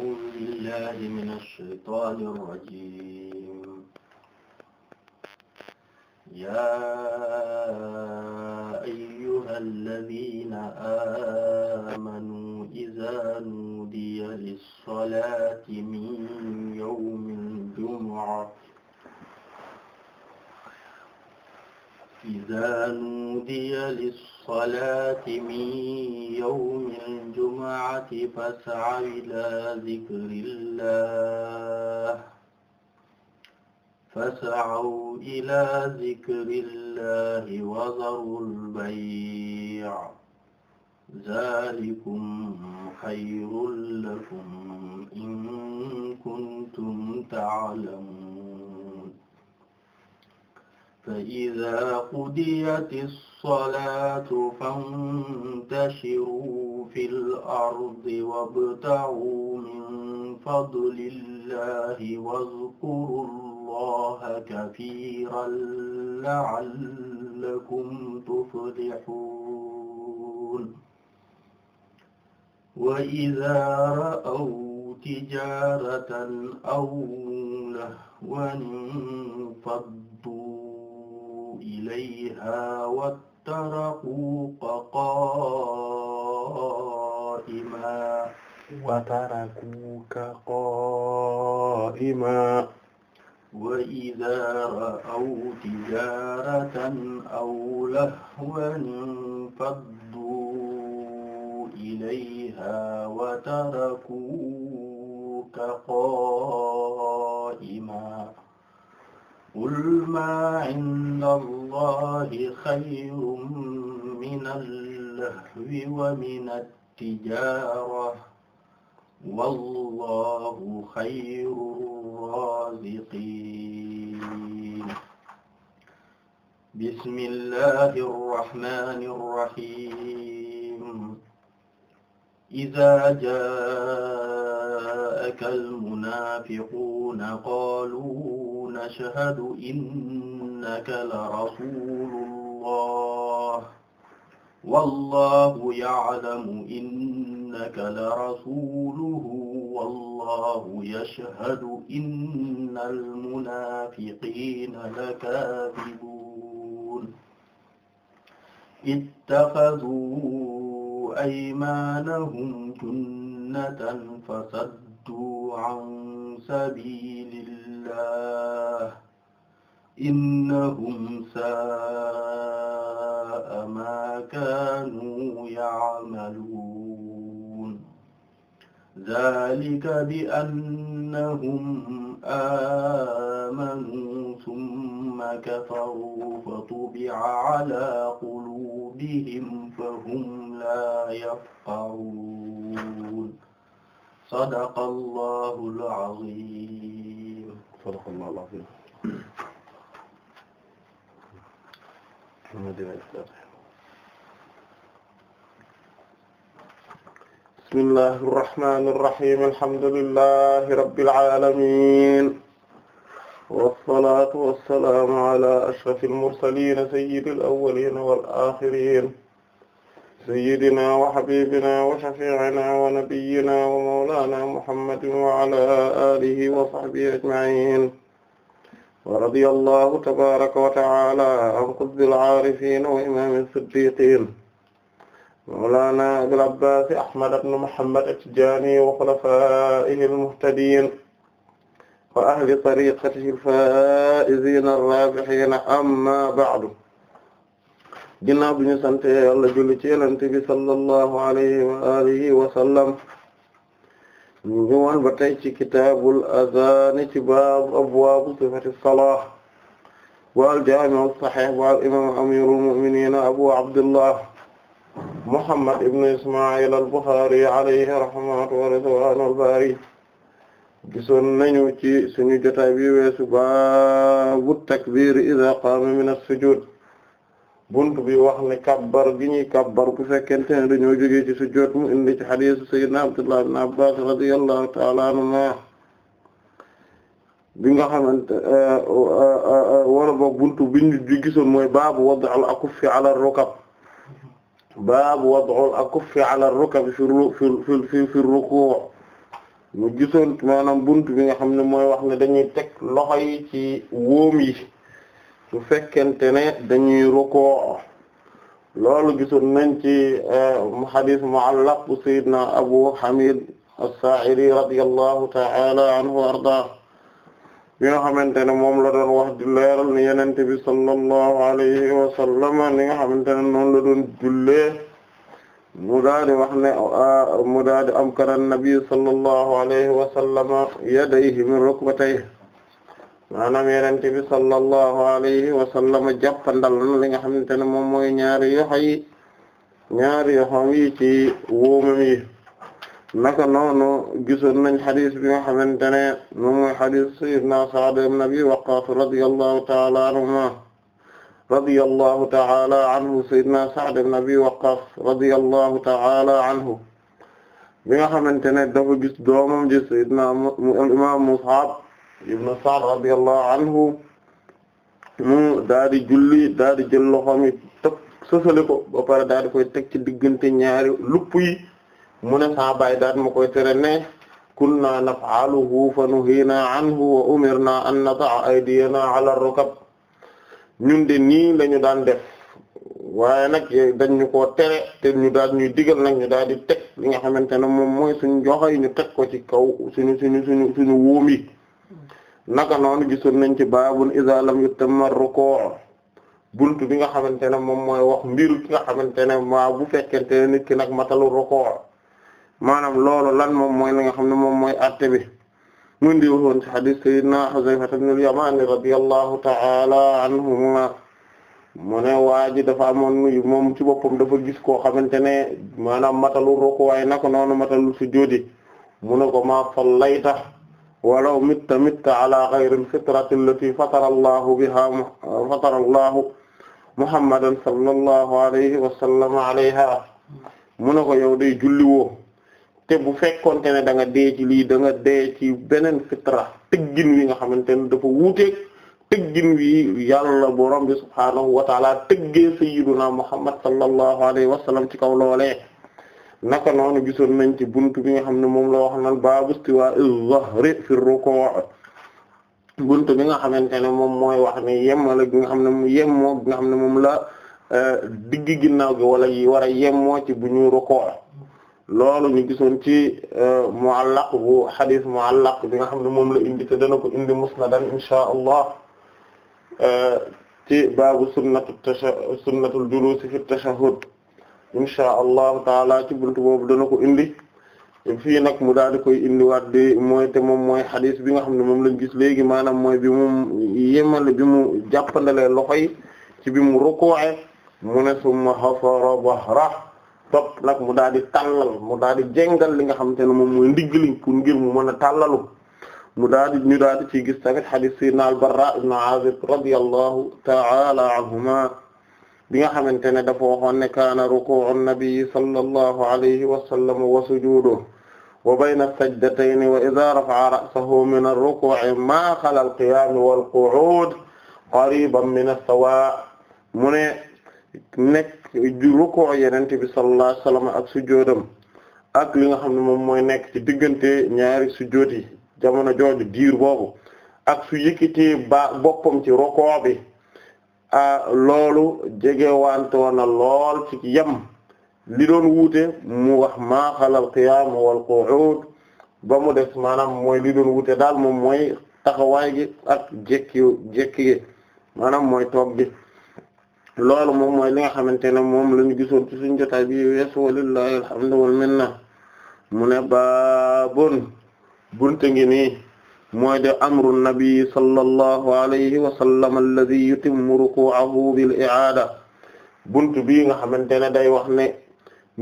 أعوذ بالله من الشيطان الرجيم يا أيها الذين آمنوا إذا نودي للصلاة من يوم الجمعة إذا نودي للصلاة الصلاة من يوم الجمعة فاسع إلى ذكر الله فاسعوا إلى ذكر الله وذروا البيع ذلكم خير لكم إن كنتم تعلمون فإذا قضيت الصلاة فانتشروا في الأرض وابتغوا من فضل الله واذكروا الله كثيرا لعلكم تفلحون وإذا رأوا تجارة أو لهوا انفضوا إليها واتركوا قائما وتركوك قائما وإذا رأوا تجارة أو لهوا انفضوا إليها وتركوك قائما qul maa inda allahi xayrun mina lahwi wa mina tijaara wallaahu xayru raaziqiin. bismillaahi rahmaani rahiim. إذا جاءك المنافقون قالوا نشهد إنك لرسول الله والله يعلم إنك لرسوله والله يشهد إن المنافقين لكاذبون اتخذوا أيمانهم جنة فصدوا عن سبيل الله إنهم ساء ما كانوا يعملون ذلك بأنهم آمنوا ثم كفروا فطبع على قلوبهم فهم لا يفقهون صدق الله العظيم صدق الله العظيم bismillahi irrahmani irrahim alhamdulillahi rabbil alamin wassalatu wassalamu ala ashraf almursalin sayyidi alawalin walaxirin sayyidina wa habibina wa shafi'ina wa nabiyyina wa mawlana muhammadin wa ala alihi wa sahbihi ajma'in wa radiyallahu tabaraka wa ta'ala an qutbil arifin wa imam as-siddiqin mawlana Abil Abbaas Ahmad ibn Muhammad at-Tijaani wa xulafaa'ihi al-muhtadiin wa ahli tariiqatihi al-faa'iziina ar-raabihiina amma ba'du. ginnaaw bi ñu sant Yàlla julli ci Yonent bi sallallahu alayhi wa aalihi wa sallam. ñu woon ba tey ci kitaabul azaan ci baab abwaabu sifati salaah. wal jaami' as-sahiih wal imaam amiirul mu'miniin Abu Abdillah Muhammad ibn Isma'il al-Bukhari alayhi rahmatu wa ridwanu al-bari gisoon nañu ci suñu jotaay bi weesu baabu takbir idha qaama min as-sujud buntu bi wax ne kabbar gi ñuy kabbar bu fekkente ne dañoo jógee ci sujud mu indi ci hadiisu sayyidina Abdullah ibn Abbas radiyallahu ta'ala anhuma bi nga xamante eh, eh, eh, wala boog buntu bi ñu gisoon mooy baabu wad' al-akuffi ala ar baabu wad'ul akuffi ala ar-rukab fi fi fi ruku' mu gisoon maanaam buntu bi nga xam ne mooy wax ne dañuy teg loxo yi ci wóom yi su fekkente ne dañuy ruku' loolu gisoon nañ ci hadith eh, mu'allaq bu sayyidina Abu Hamid as-Sa'idi radiyallahu ta'ala anhu wa ardaahu bi nga xamante ne moom la doon wax di leeral ni yonent bi sallallahu alayhi wa sallam nga xamante ne noonu la doon jullee mu daal di wax ne mu daal di amkara nabi sallallahu alayhi wa sallam yadayhi min rukbatayhi maanaam yonent bi sallallahu alayhi wa sallam jàppandal li nga xamante ne moom mooy ñaari yoxo yi ñaari yoxom ci wóomam naka noonu gisoon nañ xadis bi nga xamante ne moom mooy xadis sayyidina Sa'd ibn Abi Waqqas radiyallahu ta'ala anhuma radiyallahu ta'ala anhu sayyidina Sa'd ibn Abi Waqqas radiyallahu ta'ala anhu bi nga xamante ne dafa gis doomam ji sayyidina imam Mus'ab ibn Sa'd radiyallahu anhu mu daal di julli daal di jël loxoom yi tëb ba pare daal koy teg ci diggante ñaari lupp mu ne sahabayi daat ma koy tere ne kunna naf'aluhu fa nuhiina anhu wa umirna an nada'a aydiyana ala rukab ñun de nii lañu daan def waaye nag dañ ñu koo tere te ñu daal ñuy digal nag ñu daal di teg li nga xamante ne moom mooy suñu joxe yi ñu teg ko ci kaw suñu suñu suñu suñu wóom yi naka noonu gisoon nañ ci baabun iza lam yutamma ruku' buntu bi nga xamante ne moom mooy wax mbir ki nga xamante ne maa bu fekkente ne nit ki nag matalu ruku' maanaam loolu lan moom mooy li nga xam ne moom mooy atte bi mu ndi woon ci hadis sayyidina ibn al-Yaman radiyallahu ta'ala anhuma mu ne waa ji dafa amoon moom ci boppam dafa gis koo xamante ne maanaam matalu ruku waaye naka noonu matalu sujudi mu ne ko ma sallayta walaw mitta mitta ala ghayri al-fitrati allati fatara allahu biha muhammadan sallallahu alayhi wa sallam mu ne ko yow day julliwoo te bu fekkoonte ne da nga dee ci lii da nga dee ci beneen fitra tëggin wi nga xamante ne dafa wuuteeg tëggin wi yàlla borom bi subhaanahu wa taala tëggee sayyiduna muhammad sallallahu alayhi wa sallam ci kaw loolee naka noonu gisoon nañ ci buntu bi nga xam ne moom la wax naan baabu istiwaa az-zahri fi ruku' buntu bi nga xamante ne moom mooy wax ne yemmala bi nga xam ne mu yemmoo nga xam ne moom la euh, digg ginnaaw gi wala yi war a yemmoo ci bu ñu ruku' loolu ñu gisoon ci euh, muallaq bu hadith muallaq bi nga xam ne moom la indi te dana ko indi musnadan insha allah euh, ci baabu sunnatu tasha sunnatul julusi fi tashahhud insha allah taala ci buntu boobu dana ko indi fi nag mu daal di koy indiwaat di mooy te moom mooy hadith bi nga xam ne moom lañ gis léegi maanaam mooy bi mu yemal bi mu jàppandalee loxo yi ci bi mu rukuwee mu ne summa xafara bahra topp nag mu daal di tàllal mu daal di jengal li nga xamante ne moom mooy ndigli pour ngir mu mën a tàllalu mu daal di ñu daal di ci gis tamit hadith sayyidina al-Barra ibn Azib radiyallahu ta'ala anhuma bi nga xamante ne dafa waxoon ne kaana ruku'u an-nabi sallallahu alayhi wa sallam wa sujuduhu wa bayna wa idha rafa'a ra'sahu min ar-ruku'i ma khala al-qiyam wal qu'ud qariban min as-sawa' mu ne nekk rukkoo yenente bi sallallahu alayhi wasallam ak sujjoodam ak li nga xam ne moom mooy nekk ci diggante ñaari sujjoot yi jamono jooju diir boobu ak su yëkkatee ba boppam ci rukkoo bi a loolu jegewantoon na lool ci yam li doon wuute mu wax maa xalal qiyaam wal qu'ud ba mu des maanaam mooy li doon wuute daal moom mooy taxawaay gi ak jekki jekki gi maanaam mooy toog gi loolu moom mooy li nga xamante ne moom lañu gisoon ci suñu jotaay bi weesu walillahi alhamdu wal minna mu ne baabun bunte ngi nii mooy de amru nabi sallallahu alayhi wa sallam alladhi yutimmu ruku'ahu bil i'aada buntu bii nga xamante ne day wax ne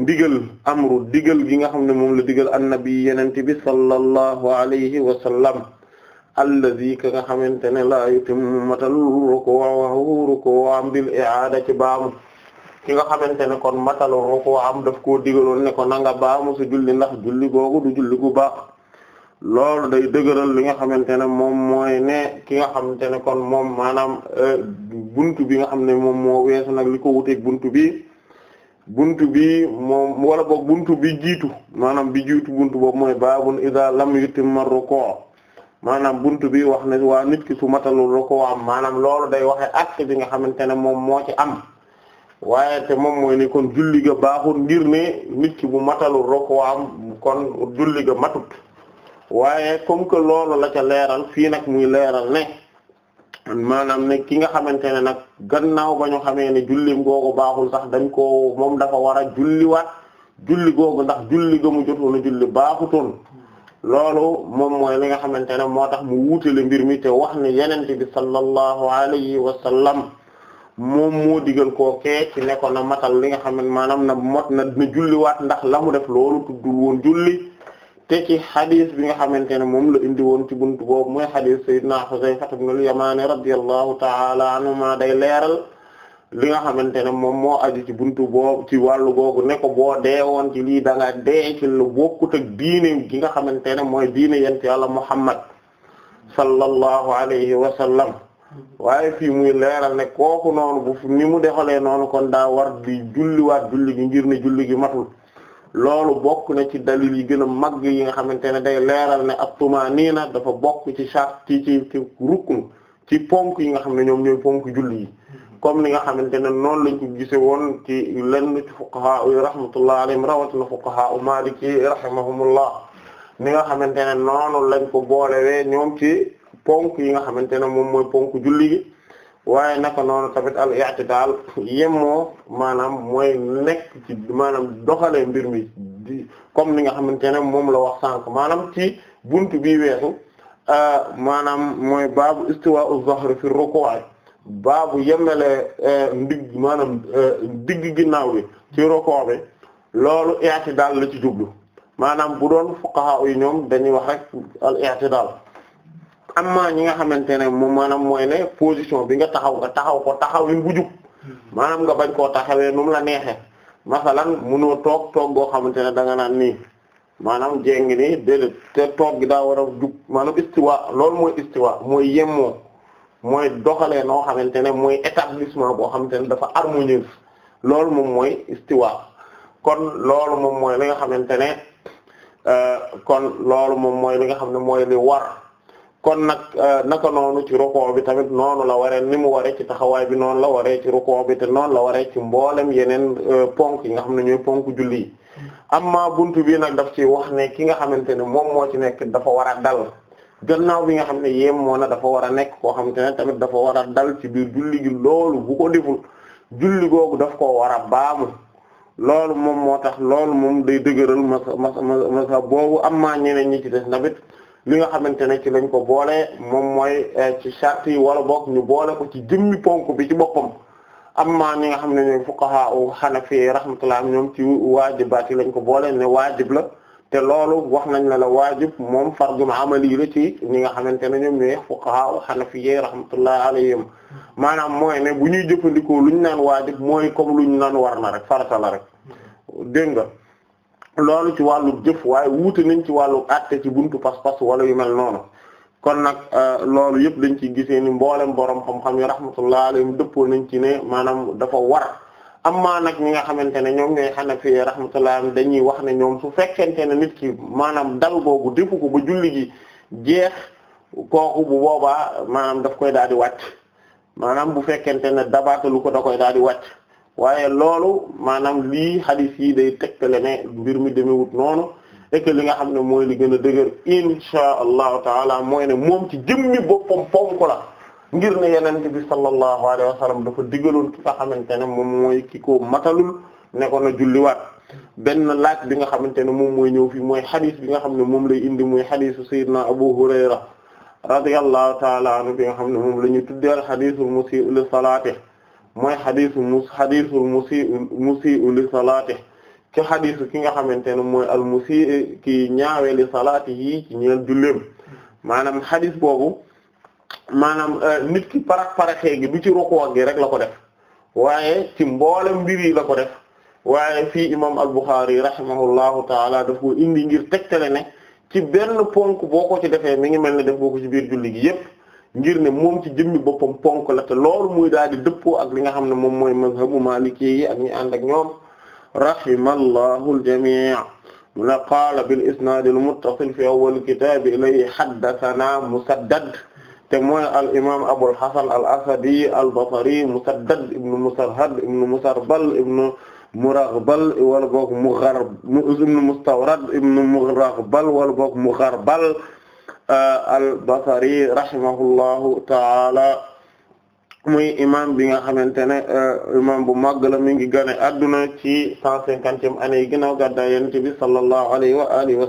ndigal amru digal gi nga xam ne moom la digal annabi yenente bi sallallahu alayhi wa sallam allazi ka nga xamante ne la yutimmu matal ruku'ahu ruku'am bil i'aada ci baamu ki nga xamante ne kon matal ruku'am daf koo digaloon ne ko nanga baamu su julli ndax julli googu du julli gu baax loolu day dëgëral li nga xamante ne moom mooy ne ki nga xamante ne kon moom maanaam euh, buntu bi nga xam ne moom moo weesu nag li ko wuteeg buntu bi buntu bi moom wala boog buntu bi jiitu maanaam bi jiitu buntu boobu mooy baabun iza lam yutimma ruku'a maanaam buntu bi wax ne waa nit ki su matalul rukuwaam maanaam loolu day waxe acte bi nga xamante ne moom moo ci am waaye te moom mooy ni kon julli ga baaxul ngir ne nit ki bu matalul rukuwaam kon julli ga matut waaye comme que loolu la ca leeral fii nag muy leeral ne maanaam ne ki nga xamante ne nag gannaaw ba ñu xamee ne jullim googu baaxul sax dañ ko moom dafa war a julliwaat julli googu ndax julli ga mu jotoon a julli baaxutoon loolu moom mooy li nga xamante ne moo tax mu wuutale mbir mi te wax ne yenente bi sallallahu alayhi wa sallam moom moo digal ko kee ci ne na matal li nga xam ne maanaam na mot na na julliwaat ndax la mu def loolu tuddul woon julli te ci xadis bi nga xamante ne moom la indi woon ci buntu boobu mooy xadis sayyidina Huzayfa ibn al-Yamani radiyallahu ta'ala anhu day leeral li nga xamante ne moom moo aju ci buntu boobu ci wàllu googu ne ko boo deewoon ci lii da nga dee ci bokkut ak diine gi nga xamante ne mooy diine yent yàlla Muhammad sallallahu alayhi wa sallam waaye fii muy leeral ne kooku noonu bu ni mu dexolee noonu kon daa war di julliwaat julli gi ngir ne julli gi matul loolu bokk na ci dalil yi gën a màgg yi nga xamante ne day leeral ne at-tumaaniina dafa bokk ci charte ci ci ci rukn yi nga xam ne ñoom ñooy ponk julli yi comme li nga xamante ne noonu lañ ko gise woon ci lenn ci fuqaha yi rahmatullah alayhim rawatina fuqaha u maliki rahimahumullah ni nga xamante ne noonu lañ ko boolewee ñoom ci ponk yi nga xamante ne moom mooy ponk julli waaye naka noonu tamit al i'tidal yemmoo maanaam mooy nekk ci maanaam doxalee mbir mi di comme ni nga xamante ne moom la wax sànq maanaam ci buntu bi weexu euh, maanaam mooy baabu istiwa'u zahri fi ruku' baabu yemale eh, ndigg maanaam eh, digg ginnaaw bi ci rokoo bi loolu i'tidaal la ci jublu maanaam bu doon fuqaha yi ñoom dañuy wax rek al i'tidaal amma ñi nga xamante ne moom maanaam mooy ne position bi nga taxaw nga taxaw ko taxawin bu jub maanaam nga bañ koo taxawee nu mu la neexe masalan munoo toog toog goo xamante ne da nga naan nii maanaam jéng nii déedéet te toog gi daa war a jub maanaam istiwa loolu mooy istiwa mooy yemmoo mooy doxalee noo xamante ne mooy établissement boo xamante ne dafa harmonieuse loolu moom mooy istiwa kon loolu moom mooy li nga xamante ne euh, kon loolu moom mooy li nga xam ne mooy li war kon nag euh, naka noonu ci rukoo bi tamit noonu la waree ni mu waree ci taxawaay bi noonu la waree ci rukoo bi te noonu la waree ci mboolem yeneen euh, ponk yi nga xam ne ñooy ponk julli am mm. amma buntu bi nag daf ci wax ne ki nga xamante ne moom moo ci nekk dafa war a dal gannaaw bi nga xam ne yéem moo na dafa war a nekk koo xamante ne tamit dafa war a dal ci biir julli gi loolu bu ko deful julli googu daf koo war a baamu loolu moom moo tax loolu moom day dëgëral mas mas masa boobu am maa ñeneen ñi ci des tamit li nga xamante ne ci lañ ko boole moom mooy eh, ci charte yi wala boog boole ko ci jëmmi ponk bi ci boppam amma ñi nga xam ne ñooy fuqaha u Hanafi rahmatullah ñoom ci waajibaat yi lañ ko boole ne waajib la te loolu wax nañ la la waajib moom far fardul amali la ci ñi nga xamante ne ñoom ñooy fuqaha hanafiyye rahmatullahi alayhim maanaam mooy ne bu ñuy jëfandikoo lu ñu naan waajib mooy comme lu ñu naan war na rek farata rek dégg nga loolu ci wàllu jëf waaye wuute nañ ci wàllu àtte ci buntu pas-pas wala yu mel noonu kon nag euh, loolu yëpp lañ ci gisee ni mboolem borom xam-xam yi rahmatullahi alayhim dëppoo nañ ci ne maanaam dafa war amma nag ñi nga xamante ne ñoom ñooy Hanafi rahmatullah dañuy wax ne ñoom su fekkente ne nit ki maanaam dal googu defu ko ba julli gi jeex kooku bu boobaa maanaam daf koy daal di wàcc maanaam bu fekkente ne dabaatalu ko da koy daal di wàcc waaye loolu maanaam lii hadis yi day tegtale ne mbir mi demewut noonu et li nga xam ne mooy li gën a dëgër insha allahu taala mooy ne moom ci jëmmi boppam ko la. ngir ne yenente bi sallallahu alayhi wa sallam dafa digaloon ki nga xamante ne moom mooy ki ko matalul ne ko na julliwaat benn laaj bi nga xamante ne moom mooy ñëw fii mooy xadis bi nga xam ne moom lay indi mooy xadisu sayyidina Abu Hurayra radiyallahu ta'ala anhu bi nga xam ne moom la ñu tuddeel xadisul musii'u li salaati mooy xadisu mu xadisul musii'u musii'u li salaati ci xadisu ki nga xamante ne mooy al musii ki ñaawe li salaati yi ci ñeel julleem boobu maanaam euh, nit ki parak paraxee gi du ci rukoo gi rek la ko def waaye ci mboolem mbir la ko def waaye fii imam al-Bukhari rahimahullahu taala daf ko indi ngir tegtale ne ci benn ponk boo ko ci defee mi ngi mel ne def boo ko ci biir julli gi yépp ngir ne moom ci jëmmi boppam ponk la te loolu muy daal di dëppoo ak li nga xam ne moom mooy mazhabu maliki yi ak ñi ànd ñoom rahimallahu al-jami' la qaala bil isnaad al-muttasil fi awwal kitaab ilayhi haddathana musaddad te mooy al imaam Abul Hasan al Asadi al Basri Musaddad ibn Musarhad ibn Musarbal ibn Muraghbal wala boog Mughar Mugharbal euh, al Basri rahimahullahu ta'ala muy imaam bi nga xamante ne euh, imaam bu màgg la mi ngi gane adduna ci cent cinquantième année yi ginnaaw gàddaay Yonent bi sallallahu alayhi wa alihi wa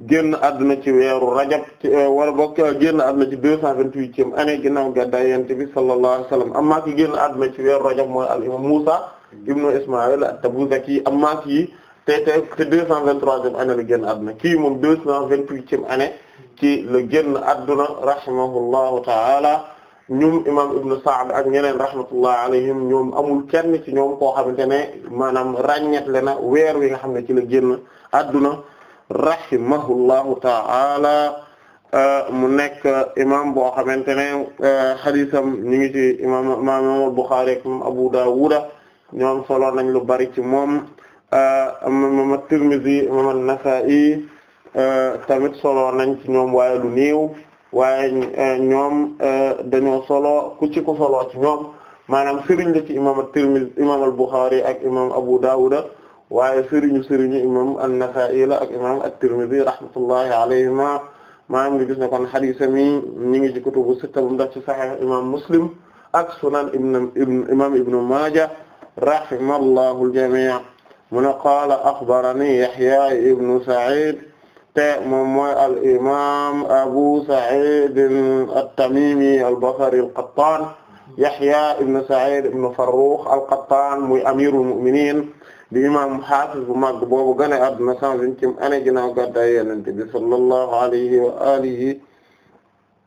génn àdduna ci weeru rajab eh, wala bokk eh, génn àdduna ci deux cent vingt-huitième année ginnaaw gàddaay yonent bi sallallahu alayhi wa sallam amma ki génn àdduna ci weeru rajab mooy al imam Musa ibnu Ismaïl at-Tabuzaki amma ki te te deux cent vingt-troisième année la génn àdduna kii moom deux cent vingt-huitième année ci la génn àdduna rahimahullahu ta'ala ñoom imam ibnu Sa'd ak ñeneen rahmatullah alayhim ñoom amul kenn ci ñoom koo xamante ne maanaam ràññetle na weer wi nga xam ne ci la génn àdduna rahimahullahu ta'ala euh, mu nekk imam boo xamante ne euh, hadisam ñu ngi ci imam imam Bukhari ak imam Abu Dawud ñoom solo nañ lu bari ci moom euh, imam Tirmidhi imam An-Nasa'i tamit solo nañ ci ñoom waaye lu néew waaye ñoom dañoo solo ko solo ci ñoom maanaam sëriñ la ci imam Tirmidhi ak imam Abu Dawud waaye sëriñu sëriñu imam an-Nasa'i la ak imam at-Tirmidhi rahmatullahi alayhima maanaam nga gis ne kon xadisa mi ñi ngi ci kutubu sitta bu ndax ci Sahih imam Muslim ak sunan ibn imam ibn Maaja rahimallahu al-jami' mu ne qaala axbarani Yahya ibn Sa'id te moom mooy al-imam Abu Sa'id at-Tamimi al-Basri al-Qattan Yahya ibn Sa'id ibn Farrukh al-Qattan muy amirul mu'minin di imam hafiz bu mag boobu gane adduna cent vingtième année ginnaaw gàddaay Yonent bi sallallahu alayhi wa alihi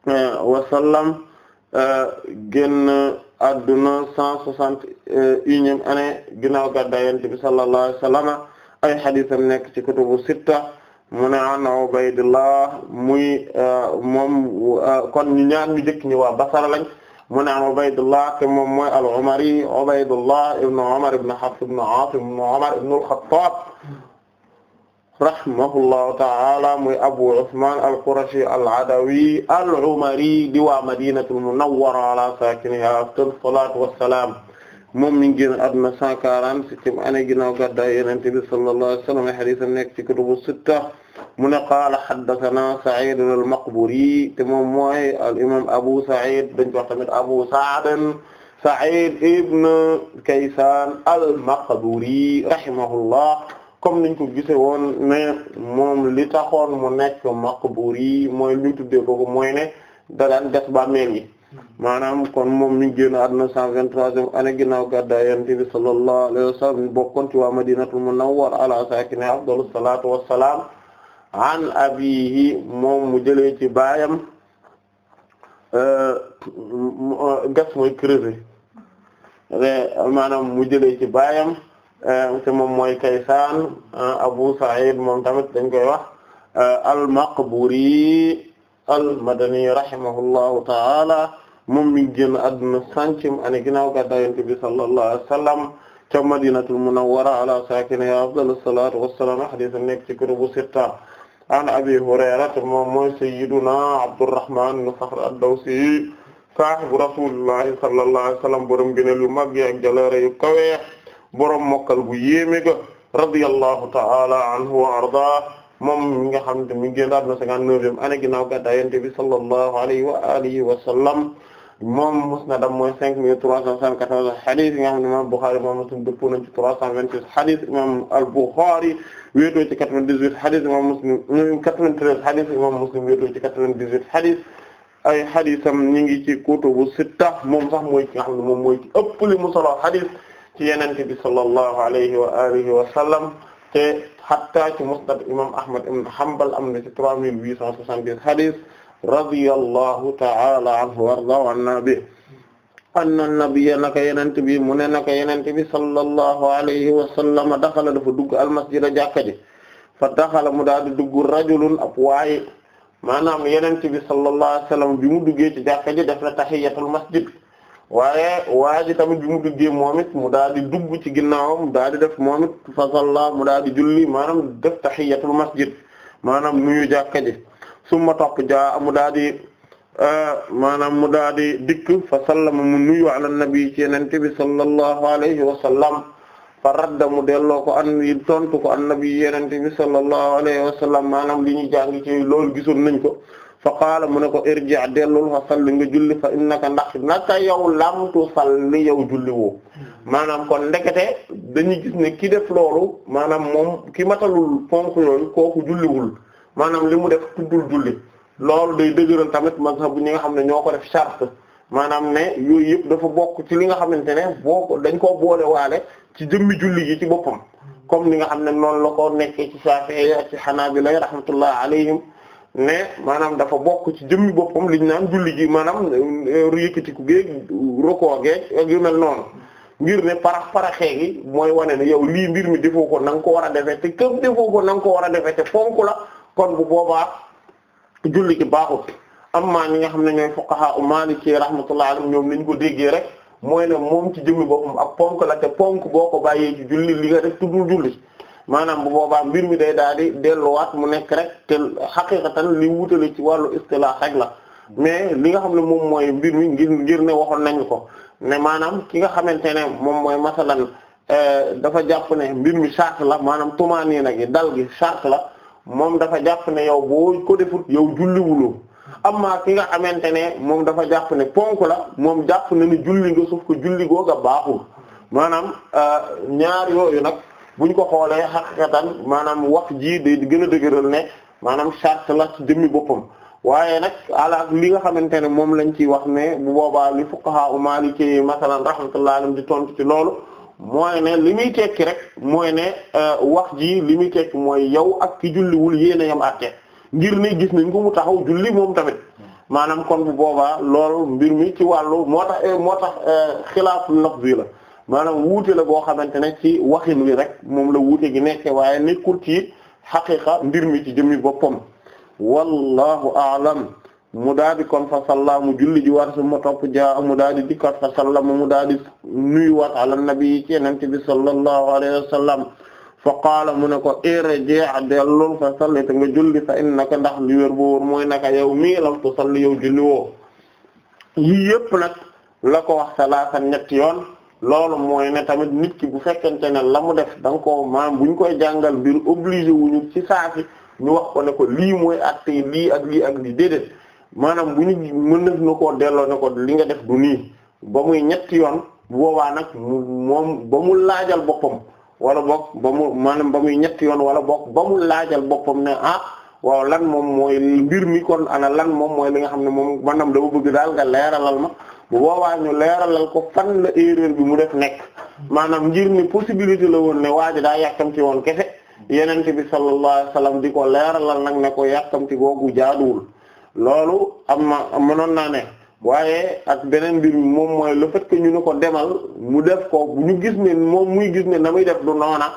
euh, wa sallam euh, génn adduna cent soixante et unième année ginnaaw gàddaay sallallahu alayhi ay hadisam nekk ci kutubu sitta mu ne an Ubaydullah muy euh, moom kon ñu ñaar ñu jëkk ñi waa Basra lañ mu ne an Ubaydullah te moom mooy al-Umari Ubaydullah ibn Umar ibn Hafs ibn Aasim ibn Umar ibn al-Khattab rahimahullahu ta'ala muy Abu Usman al-Qurashi al-Adawi al-Umari di waa Madinatul Munawwara ala saakinihaa afdalu salaatu wa salaam moom mi ngi génn àdduna 147 année ginnaaw gàddaay Yonent bi sallallahu alayhi wa sallam hadiisam nekk ci kutubu sitta mu ne qaala haddasanaa Sa'iid al-Maqburi te moom mooy al-imaam Abu Sa'iid dañ ko wax tamit Abu Sa'd Sa'iid ibn Kaysaan al-Maqburi rahimahullah comme niñ ko gise woon ne moom li taxoon mu nekk Maqburi mooy li ñu tuddee mooy ne da daan des bàmmeel yi maanaam kon moom mi ngi génn àdduna 123e année ginnaaw gàddaay Yonent bi sallallahu alayhi wa sallam bokkoon ci waa Madinatul Munawwara ala saakinihaa afdalu salaatu wa salaam an abiihi moom mu jëlee ci baayam euh, gas mooy creuser maanaam mu jëlee ci baayam euh, te moom mooy Kaysaan Abu Sa'id moom tamit dañ koy wax euh, al-Maqburi al ta'ala moom mi ngi génn adduna centième année ginnaaw gàddaay Yonent bi sallallahu alayhi wa sallam ca Madinatul Munawwara ala saakinihaa afdalu salaatu wassalaam hadiis nekk ci kutubu sitta an Abi Hurayrata moom mooy sayyiduna Abdurrahman ibn Sakhr ad-Dawsi saahibu rasulillahi sallallahu alayhi wa sallam borom gëneel yu mag yi ak jaloore yu kawe borom mokkal bu yéeme ga radiyallahu ta'ala anhu wa ardaahu moom mi nga xam ne mi ngi génn adduna cinquante-neuvième année ginnaaw gàddaay Yonent bi sallallahu alayhi wa alihi wa sallam moom musnadam mooy cinq mille trois cent soixante-quatorze hadith yi nga xam ne imam Bukhari imam Muslim dëppoo nañ ci trois cent vingt-six hadith imam al-Bukhari wéetoo ci quatre-vingt-dix-huit hadith imam Muslim quatre-vingt-treize hadith imam Muslim wéetoo ci quatre-vingt-dix-huit hadith ay haditham ñi ngi ci kutubu sitta moom sax mooy ki nga xam ne moom mooy ci ëpp li mu solo hadith ci yenente bi sallallahu alayhi wa alihi wa sallam te hatta ci musnad imam Ahmad ibn Hanbal am na ci trois mille huit cent soixante-dix hadith radiyallahu ta'ala anhu warda wa anna bi anna nabiyya naka yenente bi mu ne naka yenente bi sallallahu alayhi wa sallama daxala dafa dugg almasjida jàkka ji fa daxala mu daal di dugg rajulun ab waaye maanaam yenente bi sallallahu alayhi wa sallam bi mu duggee ci jàkka ji def na tahiyatul masjid waaye waa ji tamit bi mu duggee moom it mu daal di dugg ci ginnaawam daal di def moom it fa salla mu daal di julli maanaam def tahiyatul masjid maanaam nuyu jàkka ji summa topp jaa mu daal di euh, maanaam mu daal di dikk fa sallama mu nuyu ala nabi ci yeneen bi sallallahu alayhi wa sallam fa radda mu delloo ko an tontu ko an nabi bi sallallahu alayhi wa sallam maanaam li ñu jàng ci loolu gisoon nañ ko fa qaala mu ne ko irji dellul fa salli nga julli fa innaka ndax naka yow lam tu salli yow julli woo maanaam ko ndekete dañuy gis ne ki def loolu maanaam moom ki matalul ponk yooyu kooku julliwul. maanaam li mu def tuddul julli loolu day dëgëral tamit mazhab bu ñi nga xam ne ñoo ko def charte maanaam ne yooyu yëpp dafa bokk ci li nga xamante ne boo ko dañ koo boole waale ci jëmmi julli gi ci boppam comme ni nga xam ne noonu la ko nekkee ci Shafi'i ak ci Hanabila rahmatullah alayhim ne maanaam dafa bokk ci jëmmi boppam liñ naan julli gi maanaam euh, yëkkatiku géeg rokoo geeg ak yu mel noonu ngir ne parax paraxee mooy wane ne yow lii mbir mi defoo ko na nga ko war a defee te képp defoo na nga ko war a defee te fonk la kon bu boobaa julli ki baaxut amma ñi nga xam ne ñooy fuqaha u maliki rahmatullahi alayhim ñoom niñ ko déggee rek mooy ne moom ci jëmmi boppam ak ponk la te ponk boo ko bàyyee ci julli li nga def bu boobaa mbir mi day daal di delluwaat mu nekk rek te xaqiqatan li wutale ci wàllu istilah rek la mais li nga xam ne moom mooy mbir mi ngir ngir ne waxoon nañu ko ne maanaam ki nga xamante ne moom mooy masalan euh, dafa jàpp ne mbir mi charte la maanaam tumaani na gi dal gi charte la moom dafa jàpp ne yow boo ko defut yow julliwuloo amma ki nga xamante ne moom dafa jàpp ne ponk la moom jàpp na ni julli nga suuf ko julli googa baaxul maanaam euh, ñaar yooyu nag buñ ko xoolee xaqiqatan maanaam wax ji day gën a dëgëral ne maanaam charte la ci jëmmi boppam waaye nag ala li nga xamante ne moom lañ ciy wax ne bu boobaa li fuqaha u maliki masalan rahmatullahi alayhim di tontu ci loolu mooy ne li muy tekki rek mooy ne euh, wax ji li muy tekki mooy yow ak ki julliwul yéen a yem àtte ngir ne gis nañ ko mu taxaw julli moom tamit maanaam kon bu boobaa lool mbir mi ci wàllu moo tax euh, moo tax euh, xilaafu ndox bi la maanaam wuute la boo xamante ne ci waxin wi rek moom la wuute gi nekke waaye nekkul ci xaqiqa mbir mi ci jëmmi boppam wallahu aalam mu daal di kon fa salla mu julli ji waat suma topp ja mu daal di dikkat fa salla mu daal di nuyu waat ala nabi ci yonent bi sallallahu alayhi wa fa qaala mu ne ko irji eh, dellul fa salli te nga julli fa innaka ndax li wér boo wóor mooy naka yow mii lam tu salli yow julli woo yii yëpp nag la ko wax salaasan ñetti yoon loolu mooy ne tamit nit ki bu fekkente ne la mu def da ko maam buñ koy jàngal mbir obligé wuñu ci saafi ñu wax ko ne ko lii mooy lii ak lii ak lii maanaam bu ñu mën na na koo delloo ne ko li nga def du nii ba muy ñetti yoon bu boobaa nag mu moom ba mu laajal boppam wala boog ba mu maanaam ba muy ñetti yoon wala boog ba mu laajal boppam ne ah waaw lan moom mooy mbir mi kon ana lan moom mooy li nga xam ne moom maanaam dama bëgg daal nga leeralal ma bu boobaa ñu leeralal ko fan la erreur bi mu def nekk maanaam njir ni possibilité la woon ne waa ji daa yàkkamti woon kese yenente bi sallallahu alayhi wasallam di leeralal nag ne ko yàkkamti googu jaaduwul loolu am ma mënoon naa ne waaye ak beneen mbir moom mooy le fait ñu ne ko demal mu def ko ñu gis ne moom muy gis ne na muy def du noona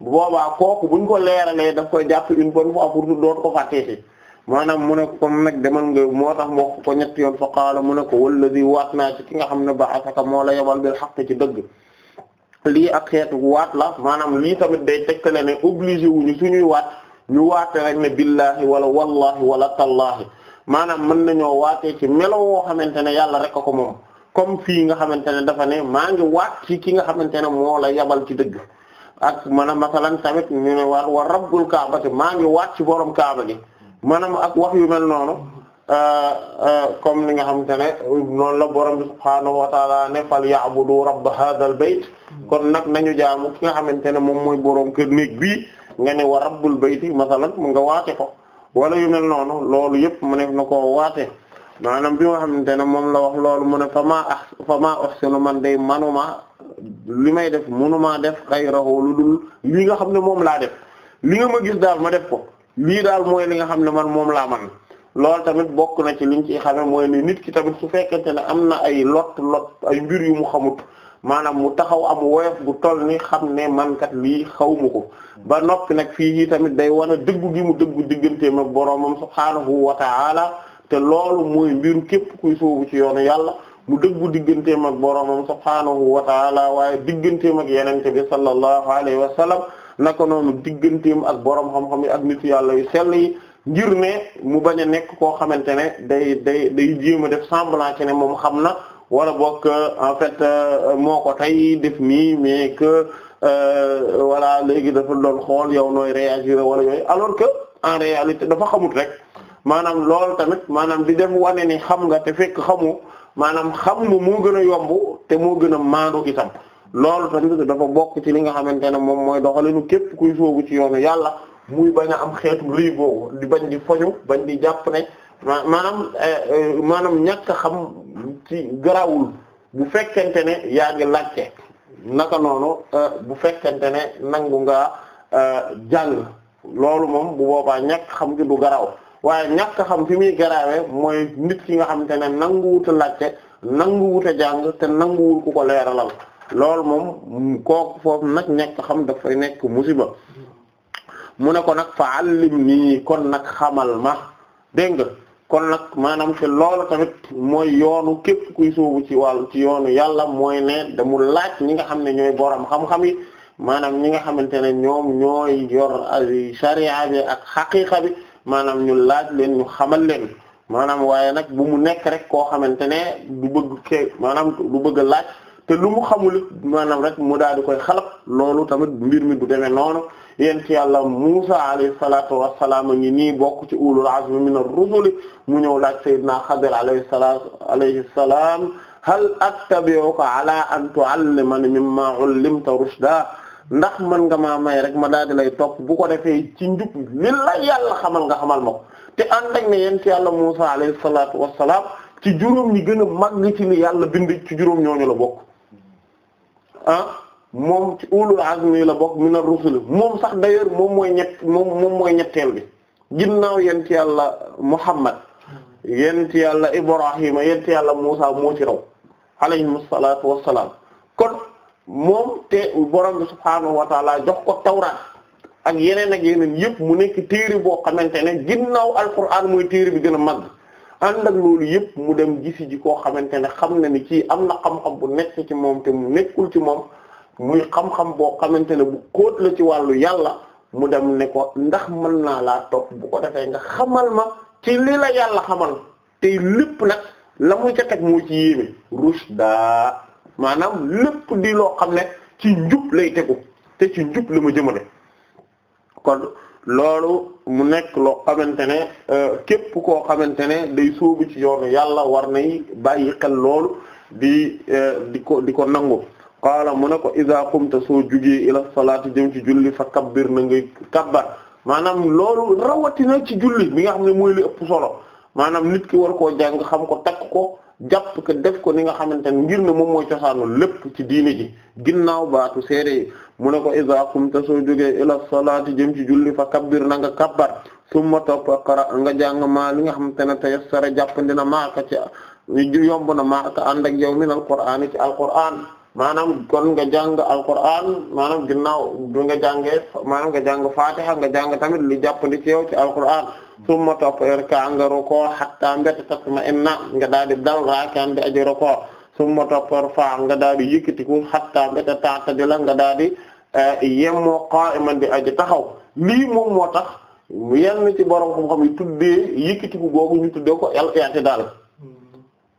boobaa kooku buñ ko leeralee daf koy jàpp une bonne fois pour doot ko fàtteeti maanaam mu ne ko comme nag demal nga moo tax moo ko ñetti yoon fa qaala mu ne ko wallazi waat naa ci ki nga xam ne ba'athaka moo la yebal bil haqq ci dëgg lii ak xeetu waat la maanaam lii tamit day tegtale ne obligé wuñu suñuy waat ñu waate rek ne billahi wala wallahi wala tallahi maanaam mën nañoo waatee ci melo woo xamante ne yàlla rek a ko moom comme fii nga xamante ne dafa ne maa ngi waat ci ki nga xamante ne moo la yabal ci dëgg ak maanaam masalan tamit ñu waat wa rabbul kaabati maa ngi waat ci borom kaaba gi maanaam ak wax yu mel noonu euh, euh, comme ni nga xamante ne noonu la borom bi subhaanahu wa taala ne fal kon nag nañu jaamu ki nga xamante ne moom mooy borom kër néeg bii nga ne wa rabbul bayti masalan mu nga waate ko wala yu mel noonu loolu yëpp mu nekk na koo waate maanaam bi a xamante ne moom la wax loolu mu ne fama ah fama ahsinu man day manuma li may def mënuma def xayrahu lu dul li nga xam ne moom laa def li nga ma gis daal ma def ko lii daal mooy li nga xam ne man moom laa man loolu tamit bokk na ci liñ ci xame mooy ni nit ki tamit su fekkente ne am na ay lot lot ay mbir yu mu xamut maanaam mu taxaw am woyof gu toll ni xam ne man kat lii xaw ma ko ba noppi nag fii yi tamit day a dëggu gi mu dëggu digganteem ak boroomam subhaanahu wa ta'ala te loolu mooy mbiru képp kuy soobu ci yoonu yàlla mu dëggu digganteem ak boroomam subhaanahu wa ta'ala waaye digganteem ak yenente bi sallallahu alayhi wa sallam naka noonu digganteem ak boroom xam-xam yi ak nitu yàlla yu sell yi ngir ne mu bañ a nekk koo xamante ne day day day jéema def semblant ci ne moom xam na wala bokk en fait euh, moo ko tey def nii mais que wala euh, léegi dafa doon xool yow nooy réagir wala yooyu alors que en réalité dafa xamut rek maanaam loolu tamit maanaam di def wane ni xam nga te fekk xamu maanaam xam mu moo gën a yomb te moo gën a maandu itam loolu tamit dafa bokk ci li nga xamante ne moom mooy doxalinu képp kuy soobu ci yoonu yàlla muy bañ a am xeetu rëy boobu di bañ di foñu bañ di jàpp ne. maanaam eh, eh, maanaam ñàkk xam ci garawul bu fekkente ne yaa ngi laajte naka noonu eh, bu fekkente ne nangu nga jàng loolu moom bu boobaa ñàkk xam gi du garaw waaye ñàkk xam fi muy garawee mooy nit ki nga xamante ne nanguwuta laajte nanguwuta jàng te nanguwul ku ko leeralal loolu moom kooku foofu nag ñàkk xam dafay nekk musiba mu ne ko nag fa allim nii kon nag xamal ma dégg kon nag maanaam te loolu tamit mooy yoonu képp kuy soobu ci wàll ci yoonu yàlla mooy ne damu laaj ñi nga xam ne ñooy borom xam-xam yi maanaam ñi nga xamante ne ñoom ñooy yor sariya bi ak xaqiqa bi maanaam ñu laaj leen ñu xamal leen maanaam waaye nag bu mu nekk rek koo xamante ne du bëgg ke maanaam du bëgg laaj te lu mu xamul maanaam rek mu daal di koy xalab loolu tamit mbir mi du demee noonu yéen yàlla Musa alayhi salaatu wa salaam ngi nii bokk ci ulul azmi min ar-rusuli mu ñëw laaj Seydina Xadir alayhi salaatu alayhi salaam hal attabi'uka ala an tu'allimani mimma 'ullimta rushda ndax man nga maa may rek ma daal di lay topp bu ko defee ci njub li la yàlla xamal nga xamal ma te ànd ak ne yéen ci yàlla Musa alayhi salaatu wa ci juróom ñi gën a mag ci li yàlla bind ci juróom ñooñu la bokk ah? moom ci ulul azmi la bokk mina rusul moom sax d'ailleurs moom mooy ñett moom moom mooy ñetteel bi ginnaaw yent yàlla Muhammad yent yàlla Ibrahima yent yàlla Muusa moo ci raw alayhim salaatu wassalaam kon moom te borom bi subhaanahu wa taala jox ko tawraat ak yeneen ak yeneen yëpp mu nekk téere boo xamante ne ginnaaw alquran mooy téere bi gën a màgg ànd ak loolu yëpp mu dem gisi ji koo xamante ne xam na ni ci am na xam-xam bu nekk ci moom te mu nekkul ci moom muy xam-xam boo xamante ne bu kóot la ci wàllu yàlla mu dem ne ko ndax mën naa laa topp bu ko defee nga xamal ma ci lii la yàlla xamal te lépp nag la muy ca teg moo ci yéeme rushda maanaam lépp di loo xam ne ci njub lay tegu te ci njub la ma de kon loolu mu nekk loo xamante ne euh, képp koo xamante ne day soogu ci yoonu yàlla war nay bàyyi xel loolu di euh, di ko di ko nangu qaala mu ne ko iza qumta soo jugee ila salaati jëm ci julli fa kabbir na ngay kabbar maanaam loolu rawatina ci julli bi nga xam ne mooy li ëpp solo maanaam nit ki war koo jàng xam ko takk ko jàpp ko def ko ni nga xamante ne ngir ne moom mooy cosaanu lépp ci diine ji ginnaaw baatu seede yi mu ne ko iza qumta soo jugee ila salaati jëm ci julli fa kabbir na nga kabbar summa topp qara nga jàng maa li nga xamante ne tayassara jàppandi na maaka ci yomb na maaka ànd ak yow min alqur'aan ci alqur'aan maanaam kon nga jàng alquran maanaam ginnaaw du nga jàngee maanaam nga jàng fatiha nga jàng tamit li jàppandi ci yow ci alquran summa topp irka nga roko hatta mbéta tasma inna nga daal di dal raakaan di aji roko summa topp irfa nga daal di yëkkatiku hatta mbéta taatadi la nga daal di eh, yemmoo qa'iman aji taxaw lii moom moo tax yenn ci borom xam-xam yi tuddee yëkkatiku googu ñu tuddee ko al i'tidal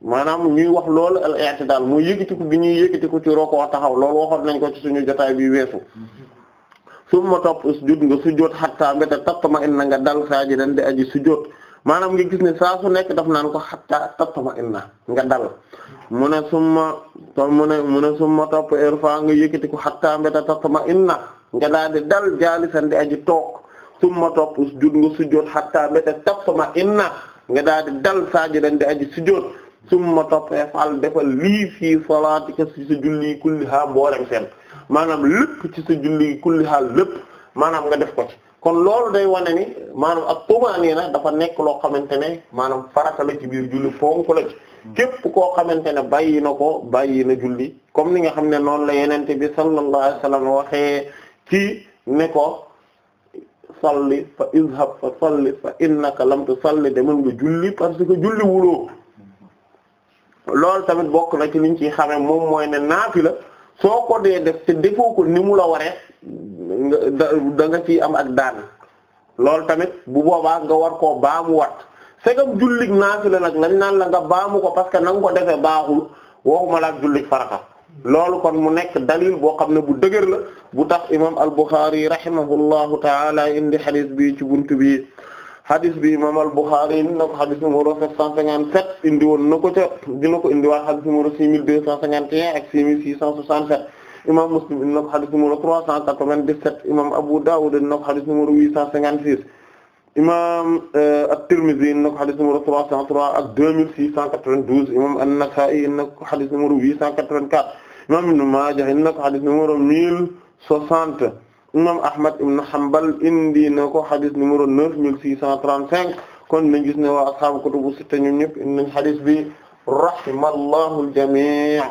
maanaam ñuy wax lool al i'tidaal mooy yëkkatiku gi ñuy yëkkatiku ci roko taxaw loolu waxoon nañ ko ci suñu jotaay bi weesu summa topp sujud nga sujud hatta mbéta tattama inna nga dal saajidan di aji sujud maanaam nga gis ne saa su nekk daf naan ko hatta tattama inna nga dal mu ne summa to mu ne mu ne summa topp irfa nga yëkkatiku hatta mbéta tattama inna nga daal di dal jaalisan di aji toog summa topp sujud nga sujud hatta mbéta tattama inna nga daal di dal saajidan di aji sujud summa toppee fal defal lii fii salaatika ci sa julli kulliha mboolem seen maanaam lépp ci sa julli kulliha lépp maanaam nga def ko ci kon loolu day wane ni maanaam ak tumaaniina dafa nekk loo xamante ne maanaam farata la ci biir julli fonk la ci képp koo xamante ne bàyyi na ko bàyyi na julli comme ni nga xam ne noonu la yenente bi sallallahu alayhi wasallam waxee ci ne ko salli fa izhab fa salli fa innaka lam tusalli demal nga julli parce que julli wuloo loolu tamit bokk na ci liñ ci xamee moom mooy ne naafila soo ko dee def te defoo ko ni mu la waree da nga ciy am ak daan loolu tamit bu boobaa nga war koo baamu wat segam jullig naafila nag lañ naan la nga baamu ko parce que na nga ko defee baaxul waxuma la ak jullig farata loolu kon mu nekk dalil boo xam ne bu dëgër la bu tax imam al-Bukhari rahimahullahu taala indi hadith bi ci bunt bi hadith bi imam al-Bukhari indi na ko hadith numéro 757 indi woon na ko ca dina ko indiwaat hadith numéro 6251 ak 6667 imam Muslim indi na ko hadith numéro 397 imam Abu Dawud indi na ko hadith numéro 856 imam euh, at-Tirmidhi indi ko hadith numéro 303 ak 2692 imam an-Nasa'i indi na ko hadith numéro imam Ibn Majah indi na ko hadith numéro 1060 imam Ahmad ibn Hanbal indi na ko xadis numéro 9635 kon nañ gis ne waa ashaabu kutubu sitta ñoom ñëpp indi nañ xadis bi rahimallahu al-jamii'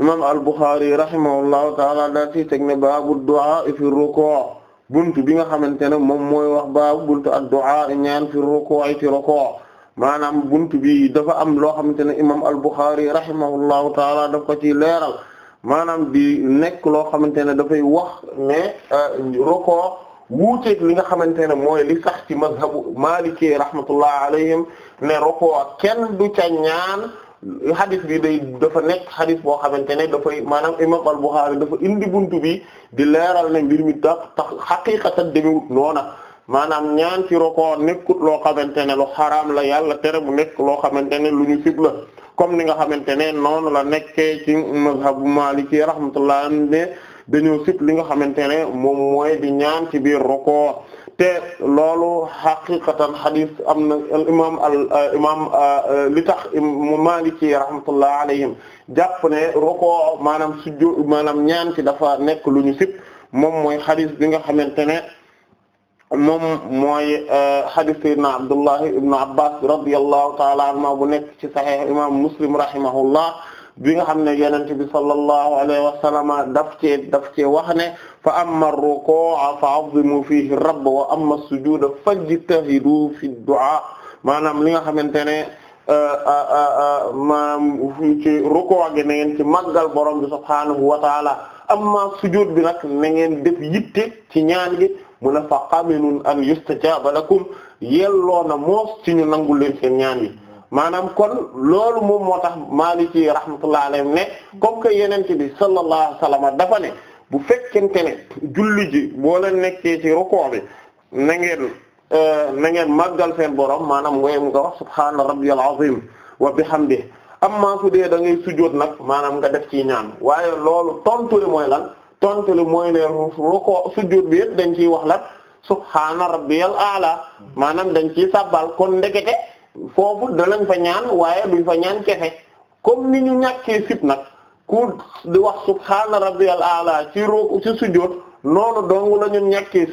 imam al-Bukhari rahimahullahu ta'ala daa ci teg ne baabu du'a fi ruku' buntu bi nga xamante ne moom mooy wax baabu buntu ad-du'a ñaan fi ruku' ci ruku' maanaam buntu bi dafa am loo xamante ne imam al-Bukhari rahimahullahu ta'ala daf ko ci leeral maanaam di nekk loo xamante ne dafay wax ne euh, roko wuuteeg li nga xamante ne mooy li sax ci mazhabu maliki rahmatullah alayhim ne roko kenn du ca ñaan hadith bi day dafa nekk hadith boo xamante ne dafay maanaam imam al-Bukhari dafa indi buntu bi di leeral ne mbir mi tax tax xaqiqatan demewut noona maanaam ñaan ci roko nekkut loo xamante ne loo xaraam la yàlla tere mu nekk loo xamante ne lu ñu sib comme ni nga xamante ne noonu la nekkee ci mazhabu maliki rahmatullah ne dañoo sip li nga xamante ne moom mooy di ñaan ci biir ruku te loolu xaqiqatan xadis am na al imam euh, euh, li tax maliki rahmatullah alayhim jàpp ne ruku maanaam maanaam ñaan ci dafa nekk lu ñu sip moom mooy xadis bi nga xamante ne moom mooy hadith euh, sayyidina Abdullah ibn Abbas radiyallahu ta'ala anhuma bu nekk ci sahih imam Muslim rahimahullah bi nga xam ne yonent bi sallallahu alayhi wa sallam daf cee daf cee wax ne fa amma ar-ruku'a fa'azzimu fihi rabb wa amma as-sujuda fajtahidu fi du'a maanaam li nga xamante ne euh, euh, maanaam ci ruku' gi na ngeen ci màggal borom bi subhaanahu wa ta'ala amma sujud bi nag na ngeen def yitte ci ñaan gi mu ne fa qaminun an yustajaba lakum yelloo na moos ci ñu nangul leen seen ñaan yi maanaam kon loolu moom moo tax Maliki rahmatullahi alayhi ne comme que yenente bi sallallahu alayhi wa sallam dafa ne bu fekkente ne julli ji boo leen nekkee ci rukoo bi na ngeen euh, na ngeen màggal seen borom maanaam ngoyem nga wax subhaana rabbiyal azim wa bihamdihi amma su dee da ngay sujjóot nag maanaam nga def ci ñaan waaye loolu tontu li mooy lan tontu li mooy ne ruko sujjóot bi yëpp dañ ciy wax la subhaana rabbiyal aala maanaam dañ ci sabbal kon ndekete foofu danañ fa ñaan waaye duñ fa ñaan kefe comme ni ñu ñàkkee sib nag ku di wax subhaana rabbiyal aala ci ru ci sujjóot noonu dong la ñu ñàkkee